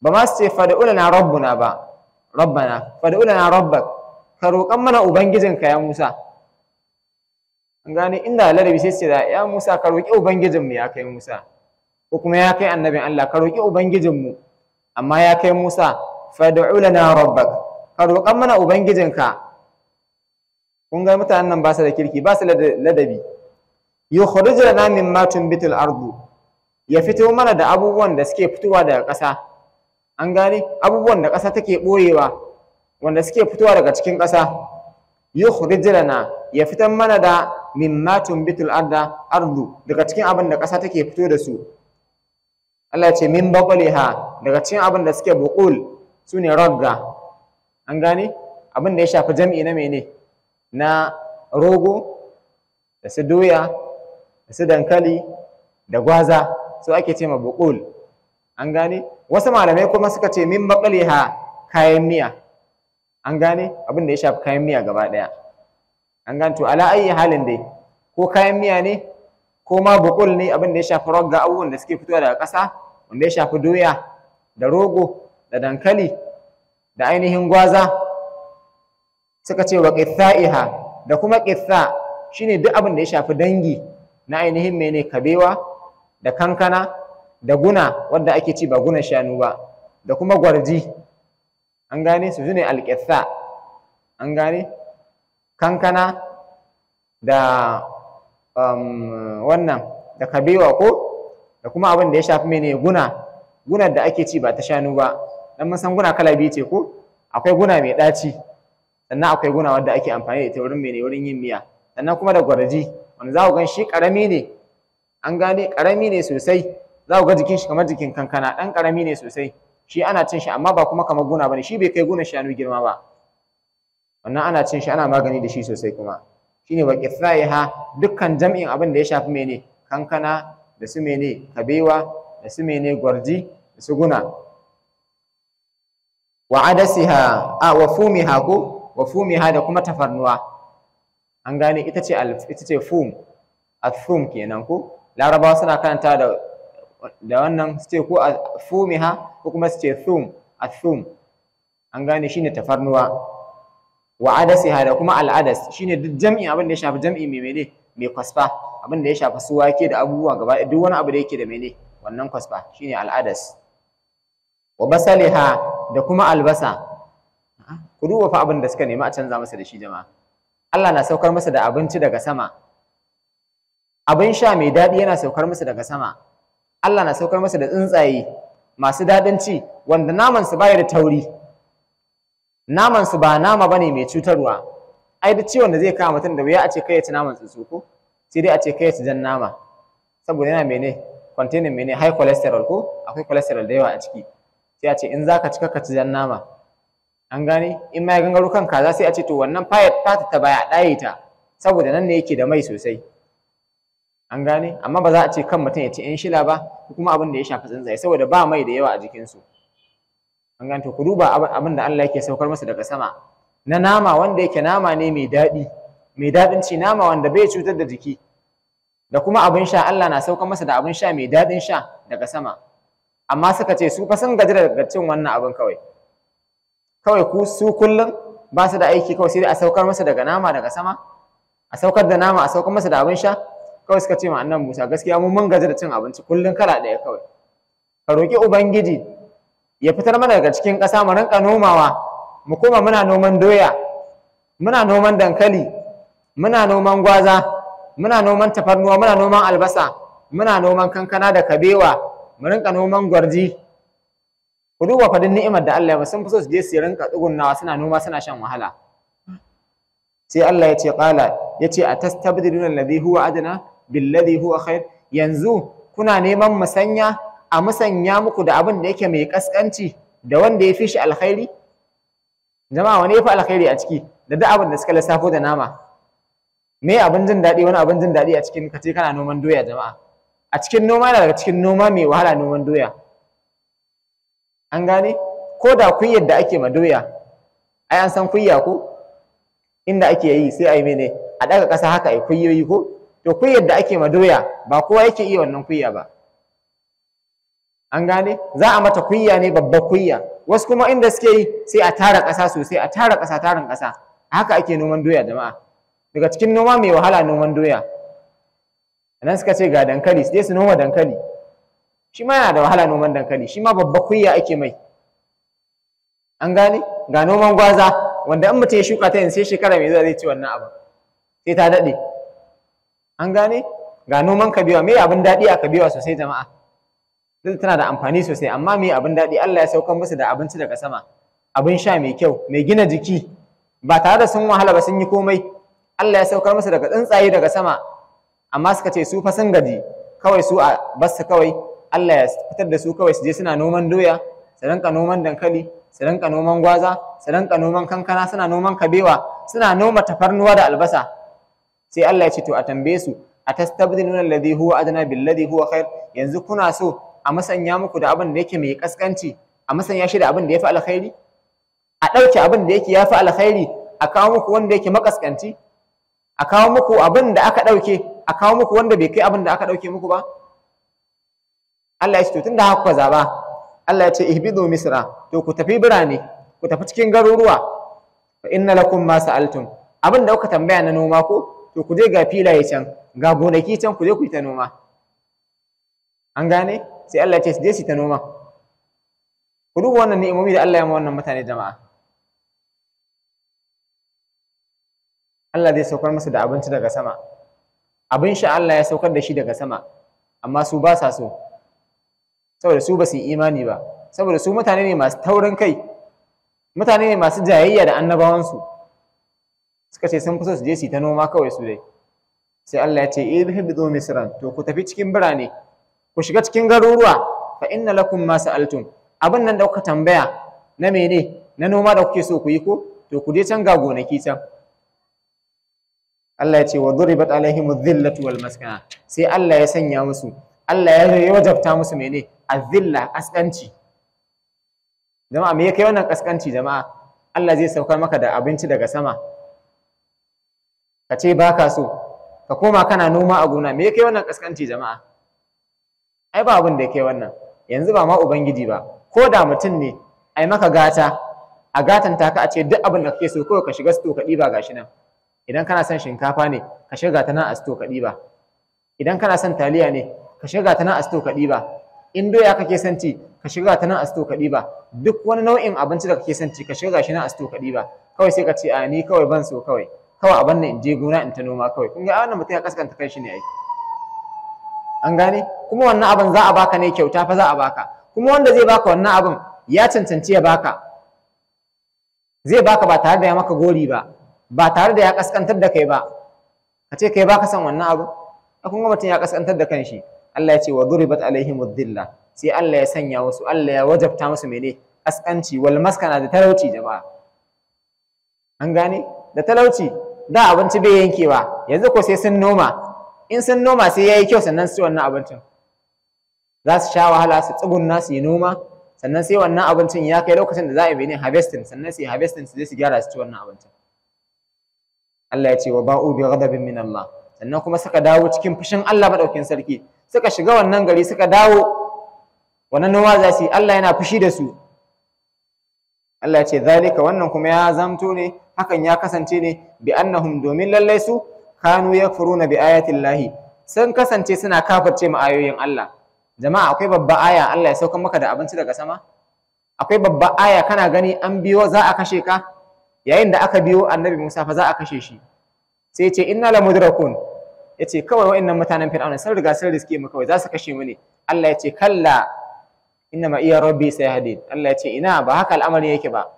ba ma su ce fa da'ulana rabbuna ba rabbana fa da'ulana rabbak ka roƙan mana ubangijinka ya Musa an gane inda ladabi sai ce da ya Musa ka roƙi ubangijinmu ya kai Musa ko kuma ya kai annabin Allah ka roƙi ubangijinmu amma ya kai Musa fa da'ulana rabbak ka roƙan mana ubangijinka kun ga mutanen nan ba su da kirki ba su da ladabi min mimma tunbitul ardu ya fito mana da abubuwan da suke fitowa daga ƙasa an gane abubuwan da ƙasa take ɓoyewa wanda suke fitowa daga cikin ƙasa lana ya fitan mana da mimma tunbitul arda ardu daga cikin abin da ƙasa take fito da su Allah ce min baqaliha daga cikin abin da suke buqul sune ragga an gane abin da ya shafi jam'i na mene na rogo da su doya da su dankali da gwaza su ake ce ma buƙul an gane wasu malamai kuma suka ce min ha kayan miya an gane abin da ya shafi kayan miya gaba ɗaya an gane to ala ayi halin dai ko kayan miya ne ko ma bukul ne abin da ya shafi rogga abubuwan da suke fitowa daga ƙasa wanda ya shafi doya da rogo da dankali da ainihin gwaza suka ce wa iha da kuma shi ne duk abin da ya shafi dangi na ainihin mene kabewa da kankana da guna wadda ake ci ba guna shanu ba da kuma gwarji an gane su ne alqitha an gane kankana da um, wannan da kabewa ko da kuma abin da ya shafi mene guna gunar da ake ci ba ta shanu ba dan masan guna kala biyu ce ko akwai guna mai ɗaci sannan akwai guna wadda ake amfani da ita wurin mene wurin yin miya sannan kuma da gwarji wanda za ku gan shi ƙarami ne an gane karami ne sosai za ku ga jikin shi kamar jikin kankana Dan karami ne sosai shi ana cin shi amma ba kuma kamar guna bane shi bai kai gunan shanu girma ba wannan ana cin shi ana magani da shi sosai kuma shine wa qithaiha dukkan jam'in abin da ya shafi mene kankana da su mene kabewa da su mene gwarji da su guna wa adasiha a wa fumiha ko wa fumiha da kuma tafarnuwa an gane ita ce ita ce fum athum kenan ko larabawa suna karanta da da wannan su ce ko fumiha ko kuma su ce thum athum an gane shine tafarnuwa wa adasiha da kuma al'adas shine duk jam'i abin da ya shafi jam'i mai mene mai kwasfa abin da ya shafi suwa ke da abubuwa gaba duk wani abu da yake da mene wannan kwasfa shine al'adas wa basaliha da kuma albasa ku duba fa abin da suka nema a canza masa da shi jama'a Allah na saukar masa da abinci daga sama abin sha mai daɗi yana saukar masa daga sama Allah na saukar masa da tsuntsaye masu daɗin ci wanda naman su baya da tauri naman su ba nama bane mai cutarwa ai da ciwon da zai kama mutum da wuya a ce kai ya ci naman tsuntsu ko sai dai a ce kai ya ci jan nama saboda yana mene containing mene high cholesterol ko akwai cholesterol da yawa a ciki sai a ce in zaka ci ka ci jan nama an gane in ma ya gangaro kan kaza sai a ce to wannan fata ta baya ɗaye ta saboda nan ne yake da mai sosai an gane amma ba za a ce kan mutum ya ci in shila ba ko kuma abin da ya shafi tsuntsaye saboda ba mai da yawa a jikinsu an gane to ku duba abin da Allah yake saukar masa daga sama na nama wanda yake nama ne mai daɗi mai daɗin ci nama wanda bai cutar da jiki da kuma abin sha Allah na saukar masa da abin sha mai daɗin sha daga sama amma suka ce su fa sun gaji daga cin wannan abin kawai kawai ku su kullum ba su da aiki kawai sai dai a saukar masa daga nama daga sama a saukar da nama a saukar masa da abin sha kawai suka ce ma annan Musa gaskiya mun mun gaji da cin abinci kullum kala ɗaya kawai ka roƙi ubangiji ya fitar mana daga cikin ƙasa mu rinka nomawa mu koma muna noman doya muna noman dankali muna noman gwaza muna noman tafarnuwa muna noman albasa muna noman kankana da kabewa mu rinka noman gwarji ku duba fadin ni'imar da Allah ya sun fi so su je su rinka tsugunnawa suna noma suna shan wahala sai Allah ya ce qala yace atastabdiluna alladhi huwa adna billadhi huwa khair yanzu kuna neman musanya a musanya muku da abin da yake mai kaskanci da wanda ya fi shi alkhairi jama'a wani ya alkhairi a ciki da duk abin da suka lissafo da nama me abin jin daɗi wani abin jin daɗi a cikin kace kana noman doya jama'a a cikin noma yana daga cikin noma mai wahala noman doya an gane ko da kunyar da ake ma doya ai an san kunya ko inda ake yi sai ai mene a daga kasa haka ai kuyoyi ko to kunyar da ake ma doya ba kowa yake iya wannan kunya ba an gane za a mata kunya ne babbar kunya wasu kuma inda suke yi sai a tara ƙasa sosai a tara ƙasa tarin ƙasa haka ake noman doya jama'a daga cikin noma mai wahala noman doya nan suka ce ga dankali sai su noma dankali shi ma yana da wahala noman dankali shi ma babba kuyya ake mai an gane ga noman gwaza wanda in mutum ya shuka ta yin sai shekara mai zuwa zai ci wannan abu sai ta daɗe an gane ga noman kabewa me abin daɗi a kabewa sosai jama'a duk tana da amfani sosai amma me abin daɗi Allah ya saukar musu da abinci daga sama abin sha mai kyau mai gina jiki ba tare da sun wahala ba sun yi komai Allah ya saukar musu daga tsuntsaye daga sama amma suka ce su fa sun gaji kawai su a su kawai Allah ya fitar da su kawai su je suna noman doya su rinka noman dankali su rinka noman gwaza su rinka noman kankana suna noman kabewa suna noma tafarnuwa da albasa sai Allah ya ce to a tambaye su a atastabdiluna alladhi huwa adna billadhi huwa khair yanzu kuna so a masanya muku da abin da yake mai kaskanci a masanya shi da abin da yafi alkhairi a dauke abin da yake yafi alkhairi a kawo muku wanda yake makaskanci a kawo muku abin da aka ɗauke, a kawo muku wanda bai kai abin da aka dauke muku ba Allah ya ce to da haka zaba Allah ya ce ihbidu misra to ku tafi birane ku tafi cikin garuruwa fa inna lakum ma sa'altum abin da kuka tambaya na noma ko to ku je ga filaye can ga gonaki can ku je ku yi ta noma an gane sai Allah ya ce su je su ta noma ku duba wannan ni'imomi da Allah ya ma wannan mutane jama'a Allah zai saukar masa da abinci daga sama abin sha Allah ya saukar da shi daga sama amma su ba sa so saboda su ba su yi imani ba saboda su mutane ne masu taurin kai mutane ne masu jayayya da annabawansu suka ce sun fi so su je su ta noma kawai su dai sai Allah ya ce idhibu misran to ku tafi cikin birane ku shiga cikin garuruwa fa inna lakum ma sa'altum abin nan da kuka tambaya na mene na noma da kuke so ku yi ko to ku je can ga gonaki can Allah ya ce wa duribat alaihim dhillatu wal maskana sai Allah ya sanya musu Allah ya wajabta musu mene azilla kaskanci jama'a me ya wannan kaskanci jama'a Allah zai saukar maka da abinci daga sama kace baka so ka koma kana noma a gona me ya kai wannan kaskanci jama'a ai ba abin da ya wannan yanzu ba ma ubangiji ba ko da mutum ne ai maka gata a gatan ka a ce duk abin da kake so ko ka shiga sto ka diba gashi nan idan kana son shinkafa ne ka shiga ta nan a sto ka diba idan kana son taliya ne ka shiga ta nan a sto ka diba in doya kake son ci ka shiga ta nan a sito ka ɗiba duk wani nau'in abinci da kake son ci ka shiga shi nan a sito ka ɗiba kawai sai ka ce a ni kawai ban so kawai kawai abin nan in je gona in ta noma kawai kun ga wannan mutum ya kaskanta kai shi ne ai an gane kuma wannan abin za a baka ne kyauta fa za a baka kuma wanda zai baka wannan abin ya cancanci ya baka zai baka ba tare da ya maka gori ba ba tare da ya kaskantar da kai ba ka ce kai baka san wannan abu a kun ga mutum ya kaskantar da kanshi Allah ya ce wa duribat alaihim dilla, sai Allah ya sanya musu Allah ya wajabta musu mene kaskanci wal maskana da talauci jama'a an gane da talauci da abinci bai yankewa yanzu ko sai sun noma in sun noma sai yayi kyau sannan su wannan abincin za su sha wahala su tsugunna su yi noma sannan sai wannan abincin ya kai lokacin da za a yi ne harvesting sannan sai harvesting su je su gyara su ci wannan abincin Allah ya ce wa ba'u bi ghadabin min Allah sannan kuma saka dawo cikin fushin Allah madaukin sarki suka shiga wannan gari suka dawo wannan noma za su yi Allah yana fushi da su Allah ya ce zalika wannan kuma ya zamto ne hakan ya kasance ne bi annahum domin lallai su kanu yakfuruna bi ayatin lahi sun kasance suna kafirce ma ayoyin Allah jama'a akwai babba aya Allah ya sauka maka da abinci daga sama akwai babba aya kana gani an biyo za a kashe ka yayin da aka biyo annabi Musa fa za a kashe shi sai ce inna lamudrakun mudrakun ya ce kawai wa'annan mutanen fir'auna sun riga sun riske mu kawai za su kashe mu ne Allah ya ce kalla inna ma iya rabbi sai hadid Allah ya ce ina ba haka al'amari yake ba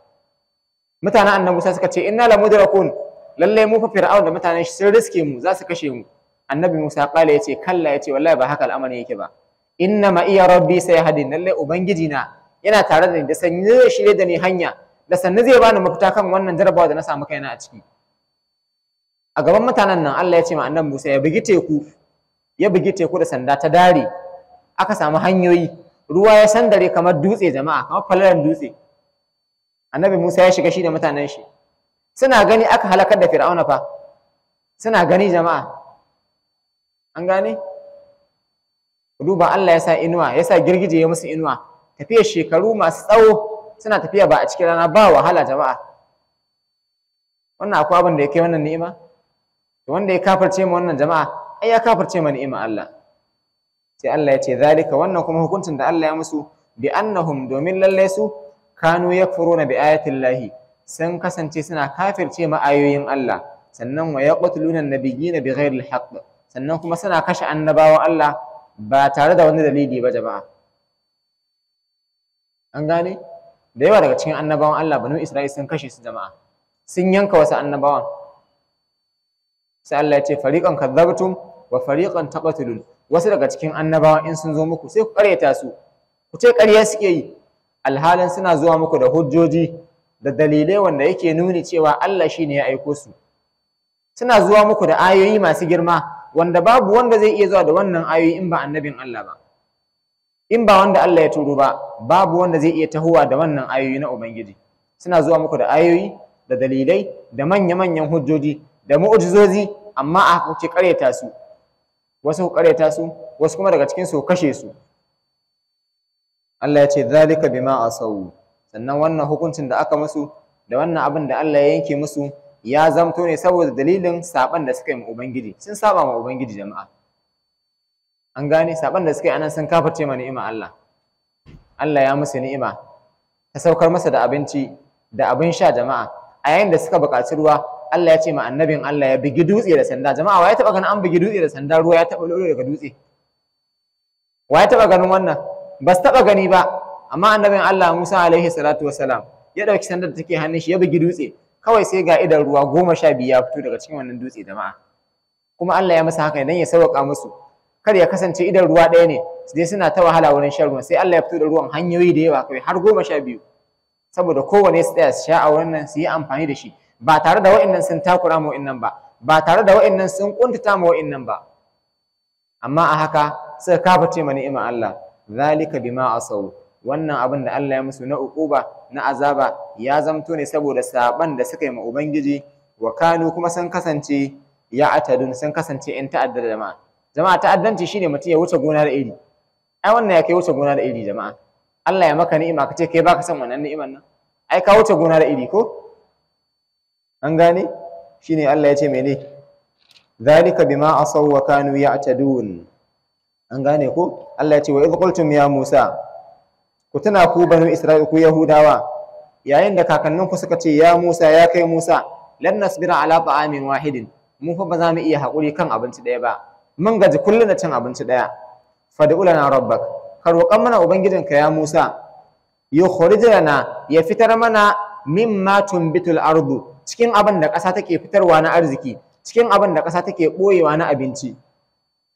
mutanen annabi sai suka ce inna la mudrakun lalle mu fa fir'auna da mutanen shi sun riske mu za su kashe mu annabi Musa kala ya ce kalla ya ce wallahi ba haka al'amari yake ba inna ma iya rabbi sai hadid lalle ubangiji na yana tare da ni da sanni zai da ni hanya da sanni zai bani mafita kan wannan jarabawa da na samu kaina a ciki a gaban mutanen nan Allah ya ce ma annabi Musa ya bugi teku ya bugi teku da sanda ta dare aka samu hanyoyi ruwa ya sandare kamar dutse jama'a kamar falalan dutse annabi Musa ya shiga shi da mutanen shi suna gani aka halakar da Fir'auna fa suna gani jama'a an gane duba Allah ya sa inuwa ya sa girgije ya musu inuwa tafiya shekaru masu tsawo suna tafiya ba a cikin rana ba wahala jama'a wannan akwai abin da ya wannan ni'ima wanda ya kafarce mu wannan jama'a ai ya kafarce mu ni'ima Allah sai Allah ya ce zalika wannan kuma hukuncin da Allah ya musu bi annahum domin lalle su kanu yakfuruna bi ayatillahi sun kasance suna kafirce ma ayoyin Allah sannan wa yaqtuluna nabiyina bi ghairi alhaq sannan kuma suna kashe annabawan Allah ba tare da wani dalili ba jama'a an gane da yawa daga cikin annabawan Allah banu Isra'il sun kashe su jama'a sun yanka wasu annabawan sai Allah ya ce fariqan kadzabtum wa fariqan taqtulun wasu daga cikin annabawa in sun zo muku sai ku karyata su ku ce ƙarya suke yi alhalin suna zuwa muku da hujjoji da dalilai wanda yake nuni cewa Allah shine ya aiko su suna zuwa muku da ayoyi masu girma wanda babu wanda zai iya zuwa da wannan ayoyi in ba annabin Allah ba in ba wanda Allah ya turo ba babu wanda zai iya tahuwa da wannan ayoyi na Ubangiji suna zuwa muku da ayoyi da dalilai da manya-manyan hujjoji da mu'ujizozi amma a hukunce karyata su wasu karyata su wasu kuma daga cikin su kashe su Allah ya ce zalika bima asau sannan wannan hukuncin da aka musu da wannan abin da Allah ya yanke musu ya zamto ne saboda dalilin saban da suka yi ma ubangiji sun saba ma ubangiji jama'a an gane saban da suka yi anan sun kafirce ma ni'ima Allah Allah ya musu ni'ima ta saukar masa da abinci da abin sha jama'a a yayin da suka buƙaci ruwa Allah ya ce ma annabin Allah ya bigi dutse da sanda jama'a wa ya taba ganin an bigi dutse da sanda ruwa ya taba lolo daga dutse wa ya taba ganin wannan ba su taba gani ba amma annabin Allah Musa alaihi salatu wassalam ya dauki sandar da take hannun shi ya bigi dutse kawai sai ga idan ruwa goma sha biyu ya fito daga cikin wannan dutse jama'a kuma Allah ya masa haka idan ya sauƙa musu kar ya kasance idan ruwa ɗaya ne sai suna ta wahala wurin shan ruwa, sai Allah ya fito da ruwan hanyoyi da yawa kawai har goma sha biyu saboda kowane su tsaya su sha a wannan su yi amfani da shi ba tare da wa'annan sun takura mu wa'annan ba ba tare da wa'annan sun kuntata mu wa'annan ba amma a haka suka kaface ma ni'imar Allah zalika bima asaw wannan abin da Allah ya musu na uquba na azaba ya zamto ne saboda saban da suka yi ma ubangiji wa kanu kuma sun kasance ya atadun sun kasance in ta'adda da jama'a jama'a ta'addanci shine mutum ya wuce gona da iri ai wannan ya kai wuce gona da iri jama'a Allah ya maka ni'ima kace kai baka san wannan ni'imar nan ai ka wuce gona da iri ko an gane shine Allah ya ce mene zalika bima asaw wa kanu ya'tadun an gane ko Allah ya ce wa idh qultum ya Musa ku tuna ku banu Isra'il ku Yahudawa yayin da kakannin ku suka ce ya Musa ya kai Musa lan nasbira ala ta'amin wahidin mu fa ba za mu iya haƙuri kan abinci ɗaya ba mun gaji kullum da cin abinci ɗaya fad'u lana rabbak ka mana ubangijinka ya Musa yukhrij lana ya fitar mana mimma tumbitul ardu cikin abin da ƙasa take fitarwa na arziki cikin abin da ƙasa take ɓoyewa na abinci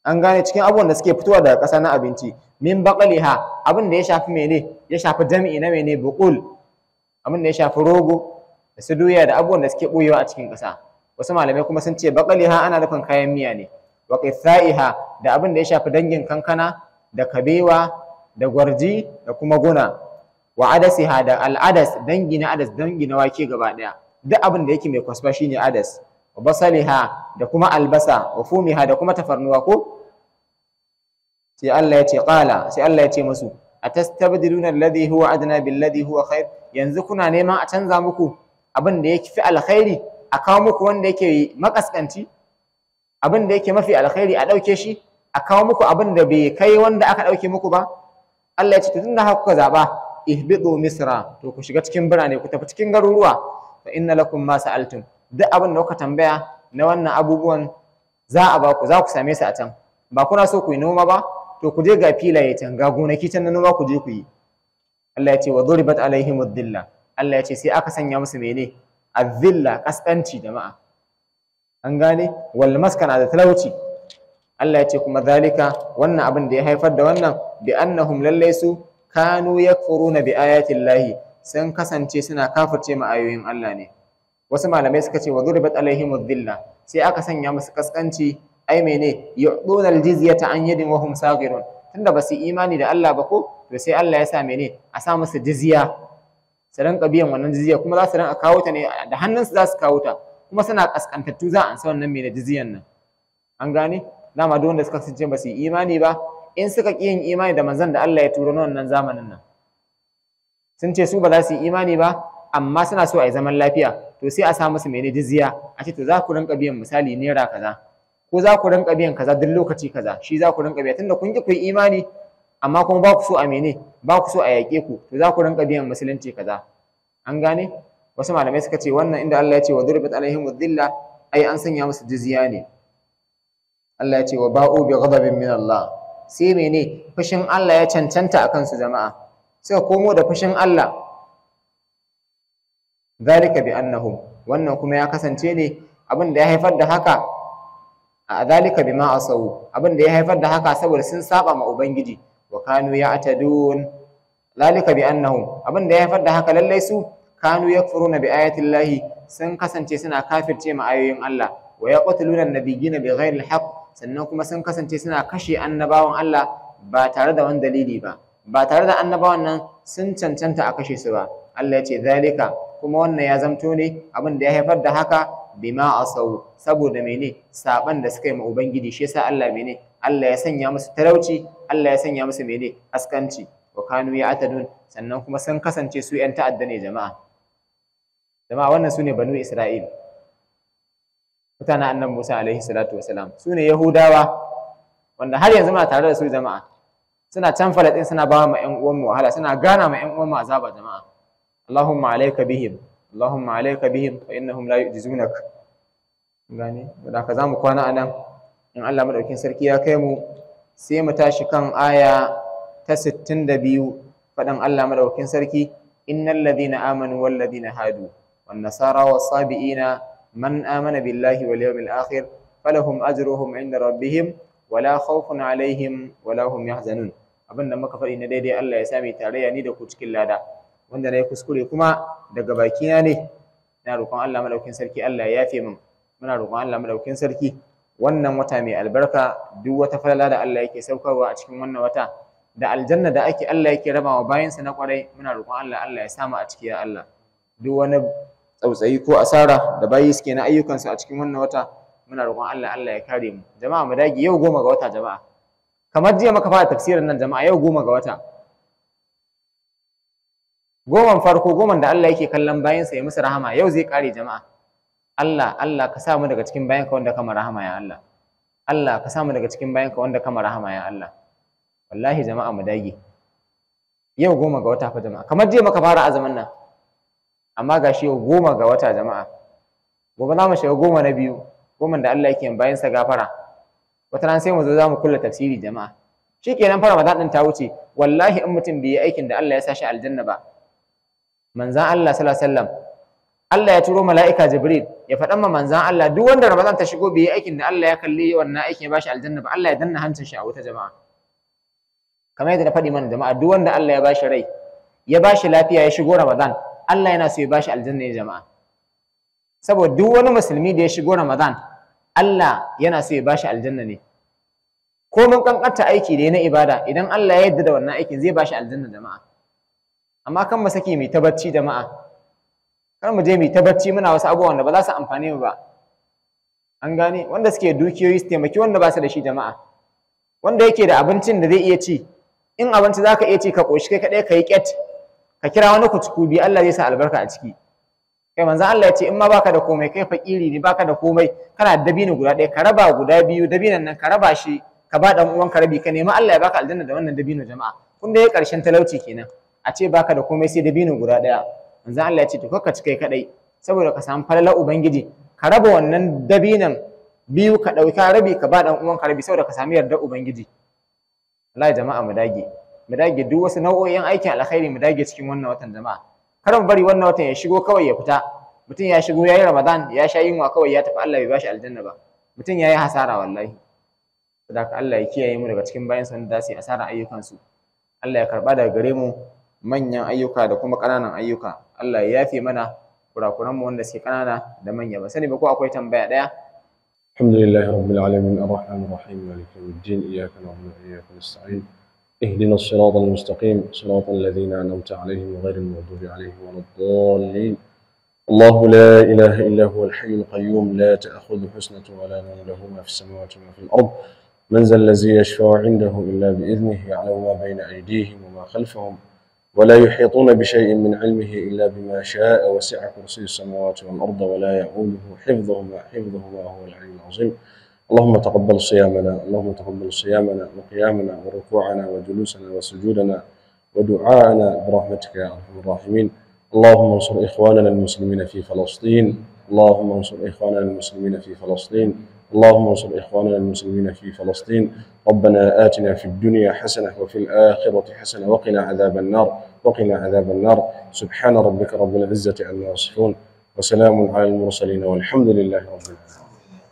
an gane cikin abubuwan da suke fitowa daga ƙasa na abinci min baqaliha abin da ya shafi mene ya shafi jami'i na mene buqul abin da ya shafi rogo da su doya da abubuwan da suke ɓoyewa a cikin ƙasa wasu malamai kuma sun ce baqaliha ana nufin kayan miya ne wa qithaiha da abin da ya shafi dangin kankana da kabewa da gwarji da kuma guna wa adasiha da al'adas dangi na adas dangi na wake gaba ɗaya duk abin da yake mai kwasfa shine adas wa basaliha da kuma albasa wa fumiha da kuma tafarnuwa ko sai Allah ya ce qala sai Allah ya ce musu atastabdiluna alladhi huwa adna billadhi huwa khair yanzu kuna neman a canza muku abin da yake fi alkhairi a kawo muku wanda yake makaskanci abin da yake mafi alkhairi a dauke shi a kawo muku abin da bai kai wanda aka dauke muku ba Allah ya ce da haka kuka zaba ihbidu misra to ku shiga cikin birane ku tafi cikin garuruwa fa inna lakum ma sa'altum duk abin da kuka tambaya na wannan abubuwan za a baku za ku same su a can ba kuna so ku yi noma ba to ku je ga filaye can ga gonaki can na noma ku je ku yi Allah ya ce wa duribat alaihim dhilla Allah ya ce sai aka sanya musu mene azilla kasanci jama'a an gane wal maskana da talauci Allah ya ce kuma zalika wannan abin da ya haifar da wannan bi annahum lallai su kanu yakfuruna bi ayati llahi sun kasance suna kafirce ma ayoyin Allah ne wasu malamai suka ce Wazuri bat alaihim dhilla sai aka sanya musu kaskanci ai mene yu'duna ta an yadin wahum sagirun, tunda ba su imani da Allah ba ko to sai Allah ya sa mene a sa musu jizya su rinƙa biyan wannan jizya kuma za su rinka kawo ta ne da hannunsu za su kawo ta kuma suna kaskantattu za a ansa wannan mene jizyan nan an gane dama duk wanda suka kasance ba su imani ba in suka ƙi yin imani da manzon da Allah ya turo na zamanin nan sun ce su ba za su yi imani ba amma suna so a yi zaman lafiya to sai a sa musu mene jizya a ce to za ku rinka biyan misali naira kaza ko za ku rinka biyan kaza duk lokaci kaza shi za ku rinka biya tunda kun ki ku yi imani amma kuma ba ku so a mene ba ku so a yaƙe ku to za ku rinka biyan musulunci kaza an gane wasu malamai suka ce wannan inda Allah ya ce wa durbat alaihim wadilla ai an sanya musu jizya ne Allah ya ce wa ba'u bi ghadabin min Allah sai mene fushin Allah ya cancanta akan su jama'a suka komo da fushin Allah zalika bi annahum wannan kuma ya kasance ne abin da ya haifar da haka a zalika bima asau abin da ya haifar da haka saboda sun saba ma ubangiji wa kanu ya'tadun zalika bi annahum abin da ya haifar da haka lallai su kanu yakfuruna bi ayati llahi sun kasance suna kafirce ma ayoyin Allah wa yaqtuluna an-nabiyina bi al-haqq sannan kuma sun kasance suna kashe annabawan Allah ba tare da wani dalili ba ba tare da annabawan nan sun cancanta a kashe su ba Allah ya ce zalika kuma wannan ya zamto ne abin da ya haifar da haka bima asau saboda mene saban da suka yi ma ubangiji shi yasa Allah mene Allah ya sanya musu talauci Allah ya sanya musu mene askanci wa kanu atadun, sannan kuma sun kasance su yan ta'adda ne jama'a jama'a wannan sune banu Isra'il mutanen annabi Musa alaihi salatu wasalam sune Yahudawa wanda har yanzu ma tare da su jama'a suna can falatin suna ba ma ƴan uwanmu wahala suna gana ma ƴan uwanmu azaba jama'a Allahumma alayka bihim Allahumma alayka bihim fa innahum la yu'jizunak gane da ka zamu kwana anan in Allah madaukin sarki ya kai mu sai mu tashi kan aya ta 62 fadan Allah madaukin sarki innal ladhina amanu wal ladhina hadu wan nasara was sabiina man amana billahi wal yawmil akhir falahum ajruhum 'inda rabbihim ولا خوف عليهم ولا هم يحزنون abin da muka faɗi na daidai Allah ya sa mai tarayya ni da ku cikin lada wanda na yi kuskure kuma daga bakina ne na roƙon Allah madaukin sarki Allah ya yafe min muna roƙon Allah madaukin sarki wannan wata mai albarka duk wata falala da Allah yake saukarwa a cikin wannan wata da aljanna da ake Allah yake rabawa sa na kwarai muna roƙon Allah Allah ya samu a ciki ya Allah duk wani tsautsayi ko asara da bayi suke na ayyukansu a cikin wannan wata muna roƙon Allah Allah ya kare mu jama'a mu dage yau goma ga wata jama'a kamar jiya maka fara tafsirin nan jama'a yau goma ga wata goman farko goman da Allah yake kallon bayansa ya musu rahama yau zai kare jama'a Allah Allah ka samu daga cikin bayanka wanda kama rahama ya Allah Allah ka samu daga cikin bayanka wanda kama rahama ya Allah wallahi jama'a mu dage yau goma ga wata fa jama'a kamar jiya maka fara azumin nan amma gashi yau goma ga wata jama'a gobe za mu shiga goma na biyu goman da Allah yake bayansa gafara wata ran sai mu zo za mu kulla tafsiri jama'a shikenan fara Ramadan din ta wuce wallahi in mutum bai aikin da Allah ya sa shi aljanna ba manzan Allah sallallahu alaihi wasallam Allah ya turo mala'ika Jibril ya faɗa ma manzan Allah duk wanda Ramadan ta shigo bai aikin da Allah ya kalli wannan aikin ya bashi aljanna ba Allah ya danna hancin shi a wata jama'a kamar yadda na faɗi mana jama'a duk wanda Allah ya bashi rai ya bashi lafiya ya shigo Ramadan Allah yana so ya bashi aljanna ya jama'a saboda duk wani musulmi da ya shigo Ramadan Allah yana so ya bashi aljanna ne ko mun kankanta aiki da na ibada idan Allah ya yarda da wannan aikin zai bashi aljanna jama'a amma kan mu saki mai tabacci jama'a kar mu je mai tabacci muna wasu abubuwan da ba za su amfane mu ba an gane wanda suke dukiyoyi su taimaki wanda ba su da shi jama'a wanda yake da abincin da zai iya ci in abinci zaka iya ci ka koshi kai kadai ka yi ket ka kira wani kutuku Allah zai sa albarka a ciki kai manzo Allah ya ce in ma baka da komai kai fakiri ne baka da komai kana da dabino guda ɗaya ka raba guda biyu dabinan nan ka raba shi ka ba dan uwan ka rabi ka nemi Allah ya baka aljanna da wannan dabino jama'a kun dai karshen talauci kenan a ce baka da komai sai dabino guda ɗaya manzo Allah ya ce to kakka ci kai kadai saboda ka samu falala ubangiji ka raba wannan dabinan biyu ka ka rabi ka ba dan uwan ka rabi saboda ka sami yardar ubangiji wallahi jama'a mu dage mu dage duk wasu nau'o'in aikin alkhairi mu dage cikin wannan watan jama'a kar mu bari wannan watan ya shigo kawai ya fita mutum ya shigo ya yi ramadan ya sha yunwa kawai ya tafi Allah bai bashi aljanna ba mutum ya yi hasara wallahi saboda Allah ya kiyaye mu daga cikin bayan san da su asara ayyukan su Allah ya karba daga gare mu manyan ayyuka da kuma ƙananan ayyuka Allah ya yafe mana kurakuran mu wanda suke ƙanana da manya ba sani ba ko akwai tambaya daya alhamdulillahi rabbil alamin arrahmanir rahim maliki yawmiddin iyyaka na'budu wa iyyaka nasta'in اهدنا الصراط المستقيم صراط الذين أنعمت عليهم غير المغضوب عليهم ولا الضالين الله لا إله إلا هو الحي القيوم لا تاخذه حسنة ولا نوم له ما في السماوات وما في الأرض من ذا الذي يشفع عنده إلا بإذنه يعلم ما بين أيديهم وما خلفهم ولا يحيطون بشيء من علمه إلا بما شاء وسع كرسي السماوات والأرض ولا يعوده حفظهما حفظهما وهو العلي العظيم اللهم تقبل صيامنا اللهم تقبل صيامنا وقيامنا وركوعنا وجلوسنا وسجودنا ودعاءنا برحمتك يا ارحم الراحمين اللهم انصر اخواننا المسلمين في فلسطين اللهم انصر اخواننا المسلمين في فلسطين اللهم انصر اخواننا المسلمين في فلسطين ربنا اتنا في الدنيا حسنه وفي الاخره حسنه وقنا عذاب النار وقنا عذاب النار سبحان ربك رب العزه عما يصفون وسلام على المرسلين والحمد لله رب العالمين